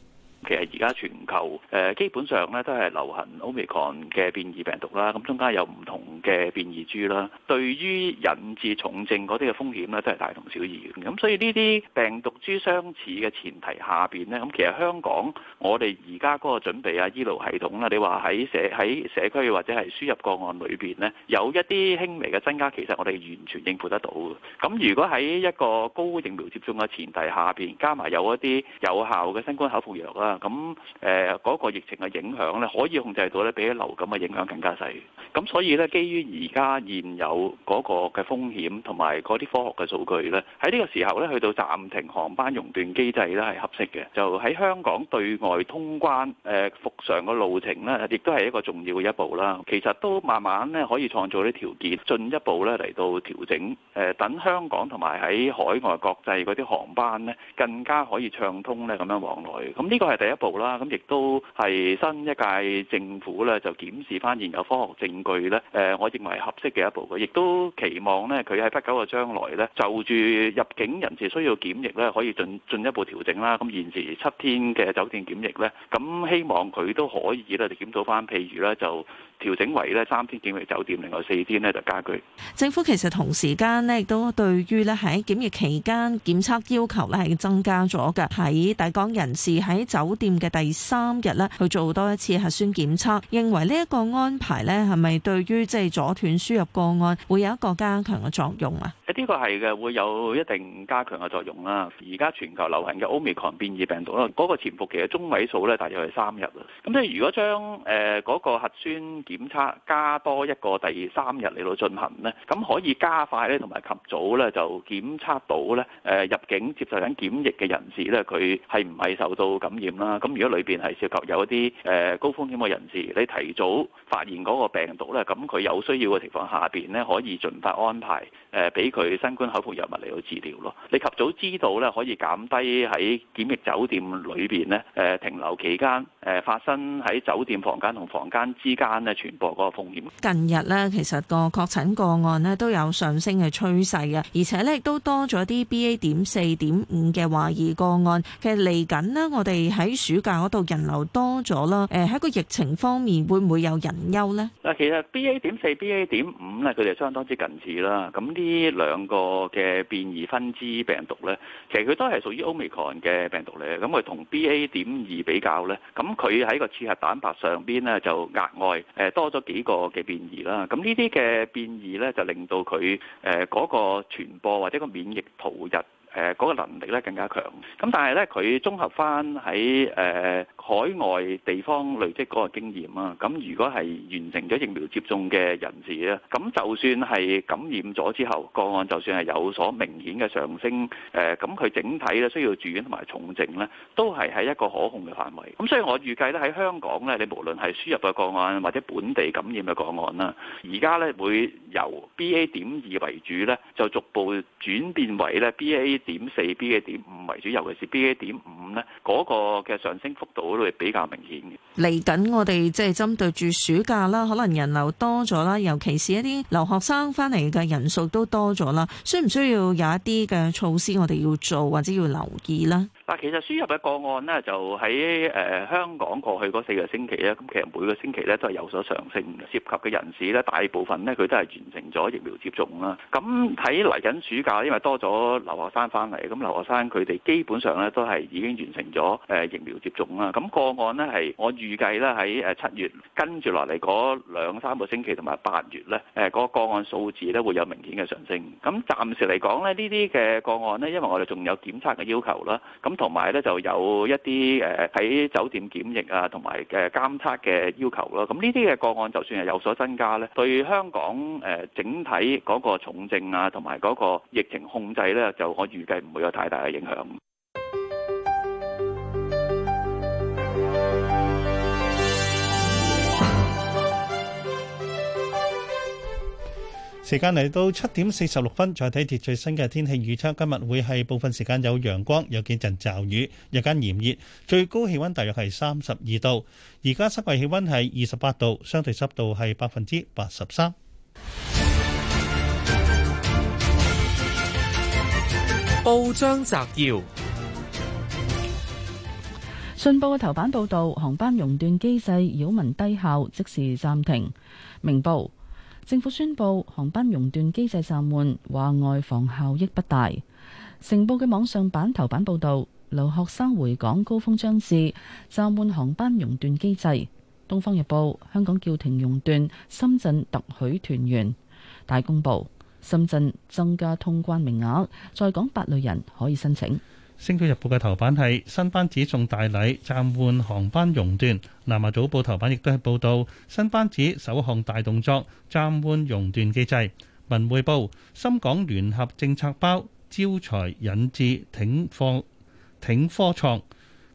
Speaker 17: 其實而家全球誒基本上咧都係流行 Omicron 嘅變異病毒啦，咁中間有唔同嘅變異株啦。對於引致重症嗰啲嘅風險咧，都係大同小異。咁所以呢啲病毒株相似嘅前提下邊咧，咁其實香港我哋而家嗰個準備啊醫療系統啦，你話喺社喺社區或者係輸入個案裏邊咧，有一啲輕微嘅增加，其實我哋完全應付得到。咁如果喺一個高疫苗接種嘅前提下邊，加埋有一啲有效嘅新冠口服藥啦。咁誒嗰個疫情嘅影響咧，可以控制到咧，比起流感嘅影響更加細。咁所以咧，基於而家現有嗰個嘅風險同埋嗰啲科學嘅數據咧，喺呢個時候咧，去到暫停航班熔斷機制咧係合適嘅。就喺香港對外通關誒復常嘅路程咧，亦都係一個重要嘅一步啦。其實都慢慢咧可以創造啲條件，進一步咧嚟到調整誒，等香港同埋喺海外國際嗰啲航班咧，更加可以暢通咧咁樣往來。咁呢個係。第一步啦，咁亦都係新一屆政府咧，就檢視翻現有科學證據咧。誒，我認為合適嘅一步嘅，亦都期望咧，佢喺不久嘅將來咧，就住入境人士需要檢疫咧，可以進進一步調整啦。咁現時七天嘅酒店檢疫咧，咁希望佢都可以咧，就檢討翻。譬如咧，就調整為咧三天檢疫酒店，另外四天咧就家居。
Speaker 7: 政府其實同時間咧，亦都對於咧喺檢疫期間檢測要求咧係增加咗嘅。喺抵港人士喺酒店店嘅第三日咧去做多一次核酸檢測，認為呢一個安排咧係咪對於即係阻斷輸入個案會有一個加強嘅作用啊？
Speaker 17: 呢個係嘅，會有一定加強嘅作用啦。而家全球流行嘅 Omicron 變異病毒啦，嗰個潛伏期嘅中位數咧大約係三日啊。咁即係如果將誒嗰個核酸檢測加多一個第三日嚟到進行咧，咁可以加快咧同埋及早咧就檢測到咧誒入境接受緊檢疫嘅人士咧佢係唔係受到感染？啦，咁如果裏邊係涉及有一啲誒高風險嘅人士，你提早發現嗰個病毒咧，咁佢有需要嘅情況下邊咧，可以盡快安排誒俾佢新冠口服藥物嚟到治療咯。你及早知道咧，可以減低喺檢疫酒店裏邊咧誒停留期間誒、呃、發生喺酒店房間同房間之間咧傳播嗰個風險。
Speaker 7: 近日咧，其實個確診個案咧都有上升嘅趨勢嘅，而且咧亦都多咗啲 B A 點四點五嘅懷疑個案。其實嚟緊呢，我哋喺喺暑假嗰度人流多咗啦，誒喺個疫情方面會唔會有人優呢？
Speaker 17: 嗱，其實 B A 點四、B A 點五咧，佢哋相當之近似啦。咁呢兩個嘅變異分支病毒咧，其實佢都係屬於奧密 o n 嘅病毒嚟嘅。咁佢同 B A 點二比較咧，咁佢喺個刺核蛋白上邊咧就額外誒多咗幾個嘅變異啦。咁呢啲嘅變異咧，就令到佢誒嗰個傳播或者個免疫逃逸。誒嗰、呃那個能力咧更加強，咁但係咧佢綜合翻喺誒，呃海外地方累積嗰個經驗啊，咁如果係完成咗疫苗接種嘅人士咧，咁就算係感染咗之後，個案就算係有所明顯嘅上升，誒，咁佢整體咧需要住院同埋重症咧，都係喺一個可控嘅範圍。咁所以我預計咧喺香港咧，你無論係輸入嘅個案或者本地感染嘅個案啦，而家咧會由 BA 點二為主咧，就逐步轉變為咧 BA 點四、BA 點五為主，尤其是 BA 點五咧，嗰個嘅上升幅度。比較明顯
Speaker 7: 嘅。嚟緊，我哋即係針對住暑假啦，可能人流多咗啦，尤其是一啲留學生翻嚟嘅人數都多咗啦。需唔需要有一啲嘅措施，我哋要做或者要留意呢？
Speaker 17: 嗱，其實輸入嘅個案咧，就喺誒香港過去嗰四個星期咧，咁其實每個星期咧都係有所上升。涉及嘅人士咧，大部分咧佢都係完成咗疫苗接種啦。咁喺嚟緊暑假，因為多咗留學生翻嚟，咁留學生佢哋基本上咧都係已經完成咗誒疫苗接種啦。咁個案咧係我預計咧喺誒七月跟住落嚟嗰兩三個星期同埋八月咧，誒個個案數字咧會有明顯嘅上升。咁暫時嚟講咧，呢啲嘅個案咧，因為我哋仲有檢測嘅要求啦，咁。同埋咧就有一啲誒喺酒店檢疫啊，同埋嘅監測嘅要求咯。咁呢啲嘅個案就算係有所增加咧，對香港誒整體嗰個重症啊，同埋嗰個疫情控制咧，就我預計唔會有太大嘅影響。
Speaker 4: 時間嚟到七點四十六分，再睇睇最新嘅天氣預測。今日會係部分時間有陽光，有幾陣驟雨，日間炎熱，最高氣溫大約係三十二度。而家室外氣溫係二十八度，相對濕度係百分之八十三。報章摘要：
Speaker 3: 《信報》嘅頭版報道，航班熔斷機制擾民低效，即時暫停。《明報》政府宣布航班熔斷機制暫緩，話外防效益不大。《成報》嘅網上版頭版報道：留學生回港高峰將至，暫緩航班熔斷機制。《東方日報》香港叫停熔斷，深圳特許團員大公布，深圳增加通關名額，在港八類人可以申請。《星島日報》
Speaker 4: 嘅頭版係新班子送大禮，暫緩航班熔斷。《南華早報》頭版亦都係報道新班子首項大動作，暫緩熔斷機制。《文匯報》深港聯合政策包，招才引智挺科挺科創。《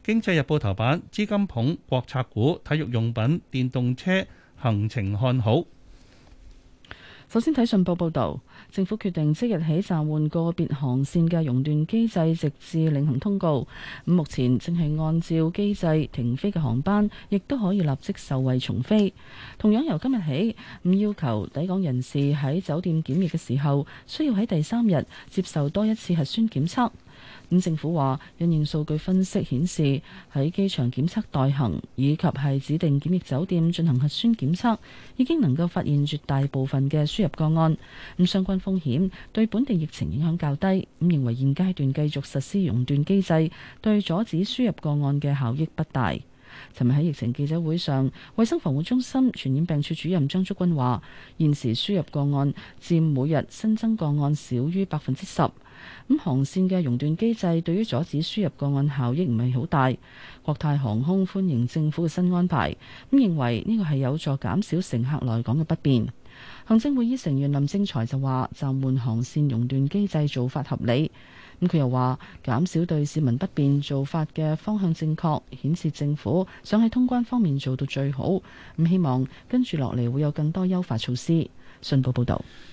Speaker 4: 經濟日報》頭版資金捧國策股，體育用品、電動車行程看好。
Speaker 3: 首先睇信報報導，政府決定即日起暫緩個別航線嘅熔斷機制，直至另行通告。咁目前正係按照機制停飛嘅航班，亦都可以立即受惠重飛。同樣由今日起，咁要求抵港人士喺酒店檢疫嘅時候，需要喺第三日接受多一次核酸檢測。咁政府話因應數據分析顯示，喺機場檢測待行以及係指定檢疫酒店進行核酸檢測已經能夠發現絕大部分嘅輸入個案。咁相關風險對本地疫情影響較低。咁認為現階段繼續實施熔斷機制，對阻止輸入個案嘅效益不大。尋日喺疫情記者會上，衛生防護中心傳染病處主任張竹君話現時輸入個案佔每日新增個案少於百分之十。咁航線嘅熔斷機制對於阻止輸入個案效益唔係好大。國泰航空歡迎政府嘅新安排，咁認為呢個係有助減少乘客來港嘅不便。行政會議成員林正財就話暫緩航線熔斷機制做法合理，咁佢又話減少對市民不便做法嘅方向正確，顯示政府想喺通關方面做到最好。咁希望跟住落嚟會有更多優化措施。信報報導。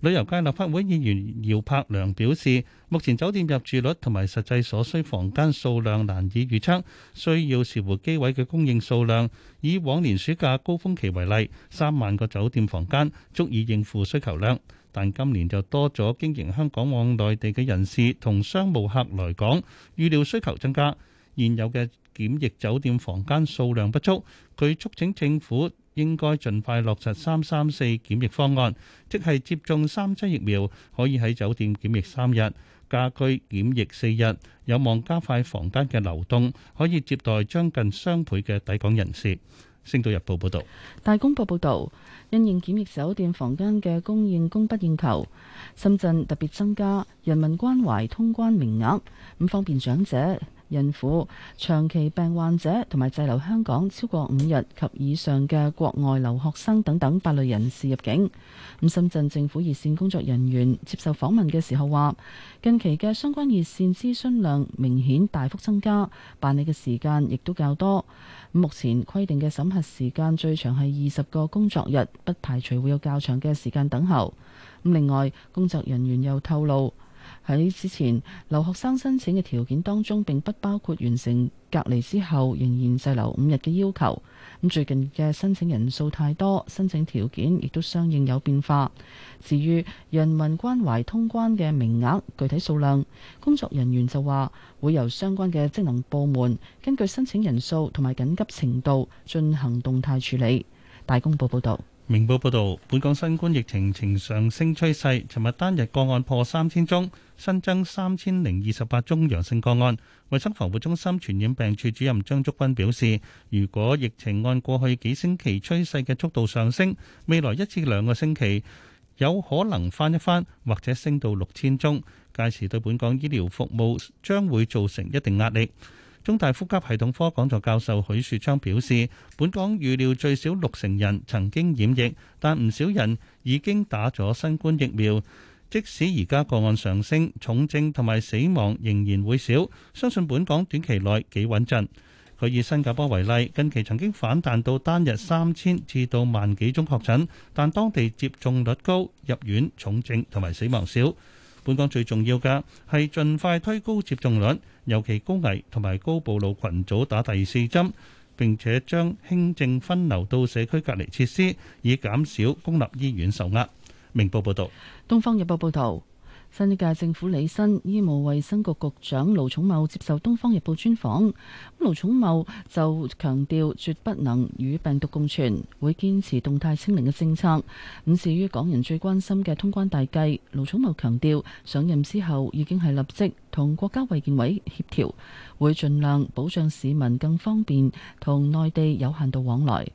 Speaker 4: 旅遊界立法會議員姚柏良表示，目前酒店入住率同埋實際所需房間數量難以預測，需要視乎機位嘅供應數量。以往年暑假高峰期為例，三萬個酒店房間足以應付需求量，但今年就多咗經營香港往內地嘅人士同商務客來港，預料需求增加。現有嘅檢疫酒店房間數量不足，佢促請政府，應該盡快落實三三四檢疫方案，即係接種三劑疫苗可以喺酒店檢疫三日，家居檢疫四日，有望加快房間嘅流動，可以接待將近雙倍嘅抵港人士。星島日報報導，
Speaker 3: 大公報報導，因應檢疫酒店房間嘅供應供不應求，深圳特別增加人民關懷通關名額，唔方便長者、孕婦、長期病患者同埋滯留香港超過五日及以上嘅國外留學生等等八類人士入境。咁深圳政府熱線工作人員接受訪問嘅時候話，近期嘅相關熱線諮詢量明顯大幅增加，辦理嘅時間亦都較多。目前規定嘅審核時間最長係二十個工作日，不排除會有較長嘅時間等候。另外，工作人員又透露。喺之前，留學生申請嘅條件當中並不包括完成隔離之後仍然滯留五日嘅要求。咁最近嘅申請人數太多，申請條件亦都相應有變化。至於人民關懷通關嘅名額具體數量，工作人員就話會由相關嘅職能部門根據申請人數同埋緊急程度進行動態處理。大公報報道。
Speaker 4: 明報報道，本港新冠疫情呈上升趨勢，尋日單日個案破三千宗，新增三千零二十八宗陽性個案。衛生防護中心傳染病處主任張竹君表示，如果疫情按過去幾星期趨勢嘅速度上升，未來一至兩個星期有可能翻一翻，或者升到六千宗，屆時對本港醫療服務將會造成一定壓力。中大呼吸系統科講座教授許樹昌表示，本港預料最少六成人曾經染疫，但唔少人已經打咗新冠疫苗。即使而家個案上升，重症同埋死亡仍然會少，相信本港短期內幾穩陣。佢以新加坡為例，近期曾經反彈到單日三千至到萬幾宗確診，但當地接種率高，入院重症同埋死亡少。本港最重要嘅係盡快推高接種率，尤其高危同埋高暴露群組打第四針，並且將輕症分流到社區隔離設施，以減少公立醫院受壓。明報報道，
Speaker 3: 東方日報報道。新一屆政府履新醫務衛生局局長盧寵茂接受《東方日報》專訪，盧寵茂就強調絕不能與病毒共存，會堅持動態清零嘅政策。咁至於港人最關心嘅通關大計，盧寵茂強調上任之後已經係立即同國家衛健委協調，會盡量保障市民更方便同內地有限度往來。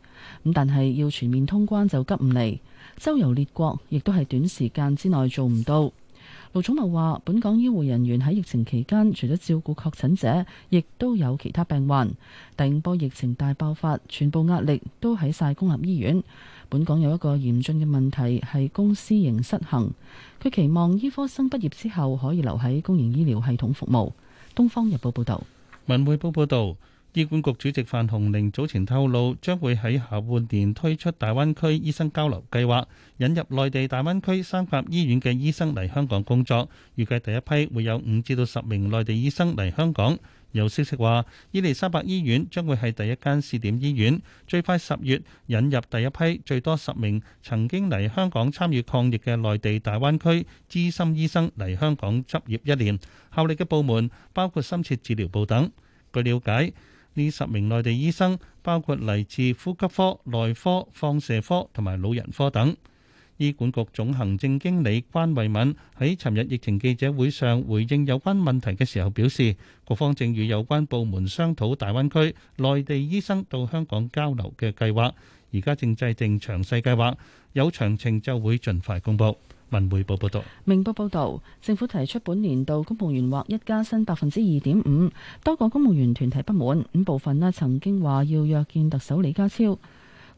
Speaker 3: 咁但係要全面通關就急唔嚟，周遊列國亦都係短時間之內做唔到。盧頌茂話，本港醫護人員喺疫情期間，除咗照顧確診者，亦都有其他病患。第五波疫情大爆發，全部壓力都喺晒公立醫院。本港有一個嚴峻嘅問題係公私營失衡。佢期望醫科生畢業之後可以留喺公營醫療系統服務。東方日報報道，
Speaker 4: 文匯報報道。醫管局主席范鴻齡早前透露，將會喺下半年推出大灣區醫生交流計劃，引入內地大灣區三甲醫院嘅醫生嚟香港工作。預計第一批會有五至到十名內地醫生嚟香港悉悉。有消息話，伊麗莎白醫院將會係第一間試點醫院，最快十月引入第一批，最多十名曾經嚟香港參與抗疫嘅內地大灣區資深醫生嚟香港執業一年。效力嘅部門包括深切治療部等。據了解。呢十名內地醫生包括嚟自呼吸科、內科、放射科同埋老人科等。醫管局總行政經理關慧敏喺尋日疫情記者會上回應有關問題嘅時候表示，局方正與有關部門商討大灣區內地醫生到香港交流嘅計劃，而家正制定詳細計劃，有詳情就會盡快公佈。文匯報報道，
Speaker 3: 明報報道，政府提出本年度公務員劃一加薪百分之二點五，多個公務員團體不滿，咁部分咧曾經話要約見特首李家超。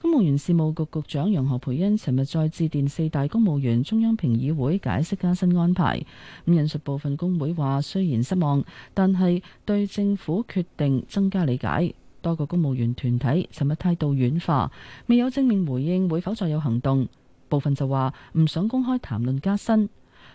Speaker 3: 公務員事務局局，局長楊何蓓茵尋日再致電四大公務員中央評議會，解釋加薪安排。咁引述部分工會話，雖然失望，但係對政府決定增加理解。多個公務員團體尋日態度軟化，未有正面回應，會否再有行動？部分就話唔想公開談論加薪。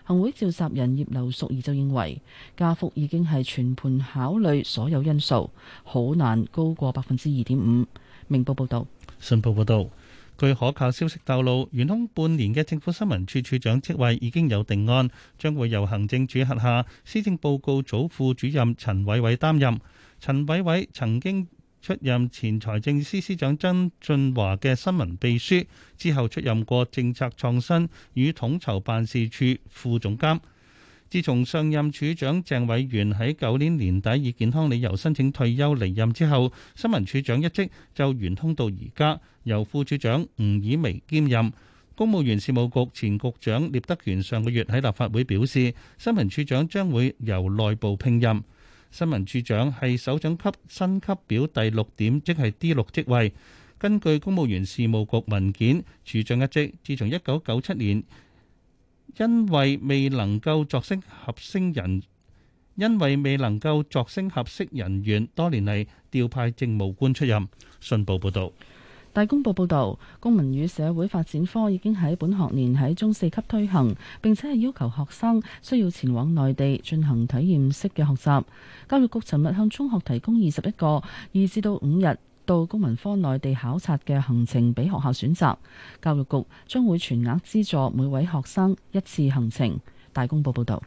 Speaker 3: 行會召集人葉劉淑儀就認為，加幅已經係全盤考慮所有因素，好難高過百分之二點五。明報報道。信報報導，
Speaker 4: 據可靠消息透露，元通半年嘅政府新聞處處長職位已經有定案，將會由行政主轄下施政報告組副主任陳偉偉擔任。陳偉偉曾經出任前財政司司長曾俊華嘅新聞秘書之後，出任過政策創新與統籌辦事處副總監。自從上任處長鄭偉源喺舊年年底以健康理由申請退休離任之後，新聞處長一職就懸空到而家，由副處長吳以薇兼任。公務員事務局前局長聶德權上個月喺立法會表示，新聞處長將會由內部聘任。新聞處長係首長級薪級表第六點，即係 D 六職位。根據公務員事務局文件，處長一職自從一九九七年，因為未能夠作適合升人，因為未能夠作升合適人員，多年嚟調派政務官出任。信報報導。
Speaker 3: 大公報報導，公民與社會發展科已經喺本學年喺中四級推行，並且係要求學生需要前往內地進行體驗式嘅學習。教育局尋日向中學提供二十一個二至到五日到公民科內地考察嘅行程俾學校選擇。教育局將會全額資助每位學生一次行程。大公報報導。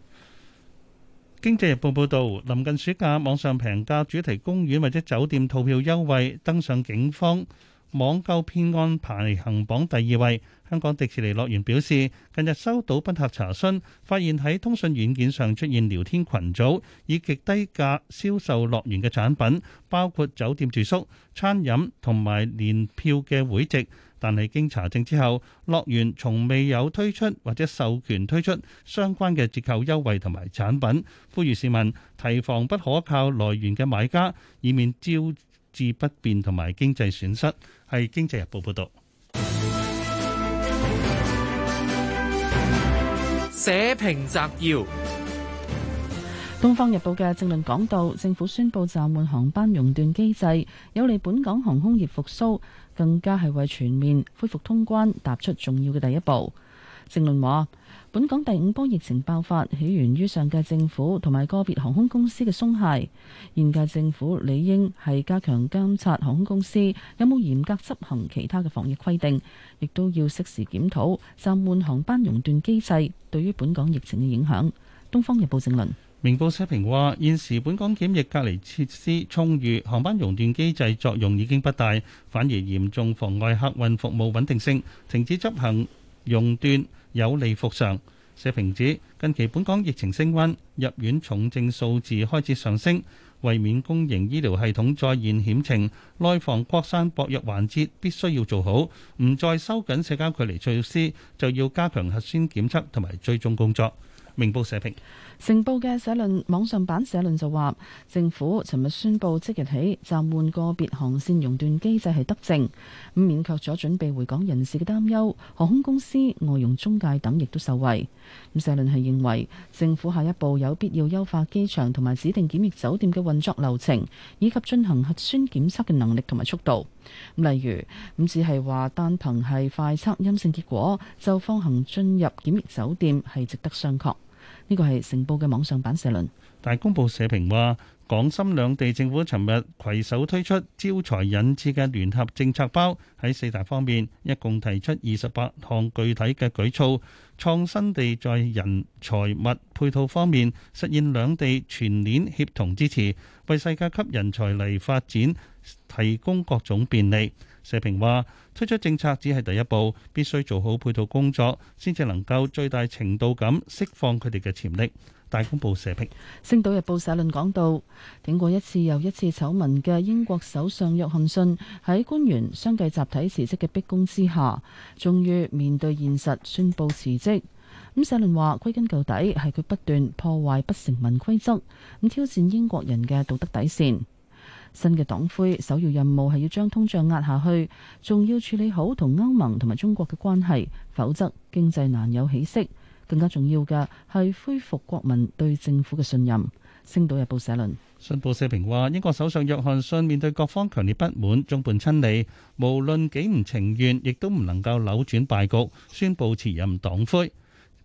Speaker 4: 經濟日報報導，臨近暑假，網上平價主題公園或者酒店套票優惠登上警方。網購騙案排行榜第二位。香港迪士尼樂園表示，近日收到賓客查詢，發現喺通訊軟件上出現聊天群組，以極低價銷售樂園嘅產品，包括酒店住宿、餐飲同埋年票嘅會籍。但係經查證之後，樂園從未有推出或者授權推出相關嘅折扣優惠同埋產品。呼籲市民提防不可靠來源嘅買家，以免招致不便同埋經濟損失。係《經濟日報》報道，社評摘要，
Speaker 3: 《東方日報》嘅正論講到，政府宣布暫緩航班熔斷機制，有利本港航空業復蘇，更加係為全面恢復通關踏出重要嘅第一步。正論話。本港第五波疫情爆發起源於上屆政府同埋個別航空公司嘅鬆懈，現屆政府理應係加強監察航空公司有冇嚴格執行其他嘅防疫規定，亦都要適時檢討暫緩航班熔斷機制對於本港疫情嘅影響，《東方日報》正論，
Speaker 4: 《明報》社評話現時本港檢疫隔離設施充裕，航班熔斷機制作用已經不大，反而嚴重妨礙客運服務穩定性，停止執行。熔斷有利復常，社評指近期本港疫情升溫，入院重症數字開始上升，為免公營醫療系統再現險情，內防擴散薄弱環節必須要做好，唔再收緊社交距離措施，就要加強核酸檢測同埋追蹤工作。明報社評。
Speaker 3: 成報嘅社論網上版社論就話，政府尋日宣布即日起暫緩個別航線熔斷機制係德政，咁緩卻咗準備回港人士嘅擔憂，航空公司、外傭中介等亦都受惠。咁社論係認為政府下一步有必要優化機場同埋指定檢疫酒店嘅運作流程，以及進行核酸檢測嘅能力同埋速度。例如，咁只係話單憑係快測陰性結果就放行進入檢疫酒店係值得商榷。呢個係《成報》嘅網上版社論。
Speaker 4: 大公報社評話，港深兩地政府尋日攜手推出招才引智嘅聯合政策包，喺四大方面一共提出二十八項具體嘅舉措，創新地在人、財、物配套方面實現兩地全年協同支持，為世界級人才嚟發展提供各種便利。社評話，推出政策只係第一步，必須做好配套工作，先至能夠最大程度咁釋放佢哋嘅潛力。大公報社評，
Speaker 3: 《星島日報》社論講到，頂過一次又一次醜聞嘅英國首相約翰遜喺官員相繼集體辭職嘅逼宮之下，終於面對現實宣布辭職。咁社論話，歸根究底係佢不斷破壞不成文規則，咁挑戰英國人嘅道德底線。新嘅黨魁首要任務係要將通脹壓下去，仲要處理好同歐盟同埋中國嘅關係，否則經濟難有起色。更加重要嘅係恢復國民對政府嘅信任。《星島日報》社論，
Speaker 4: 信報社評話：英國首相約翰遜面對各方強烈不滿，眾叛親離，無論幾唔情願，亦都唔能夠扭轉敗局，宣布辭任黨魁。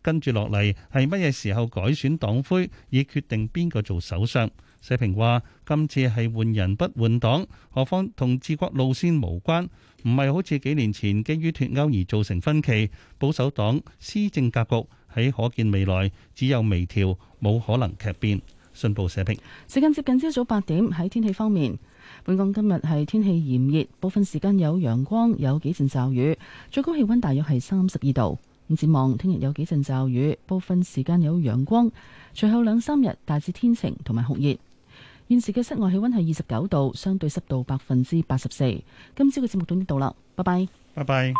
Speaker 4: 跟住落嚟係乜嘢時候改選黨魁，以決定邊個做首相？社評話。今次係換人不換黨，何況同治國路線無關，唔係好似幾年前基於脫歐而造成分歧。保守黨施政格局喺可見未來只有微調，冇可能劇變。信報社評。
Speaker 3: 時間接近朝早八點。喺天氣方面，本港今日係天氣炎熱，部分時間有陽光，有幾陣驟雨，最高氣溫大約係三十二度。咁展望聽日有幾陣驟雨，部分時間有陽光，隨後兩三日大致天晴同埋酷熱。現時嘅室外氣溫係二十九度，相對濕度百分之八十四。今朝嘅節目到呢度啦，拜拜，拜拜。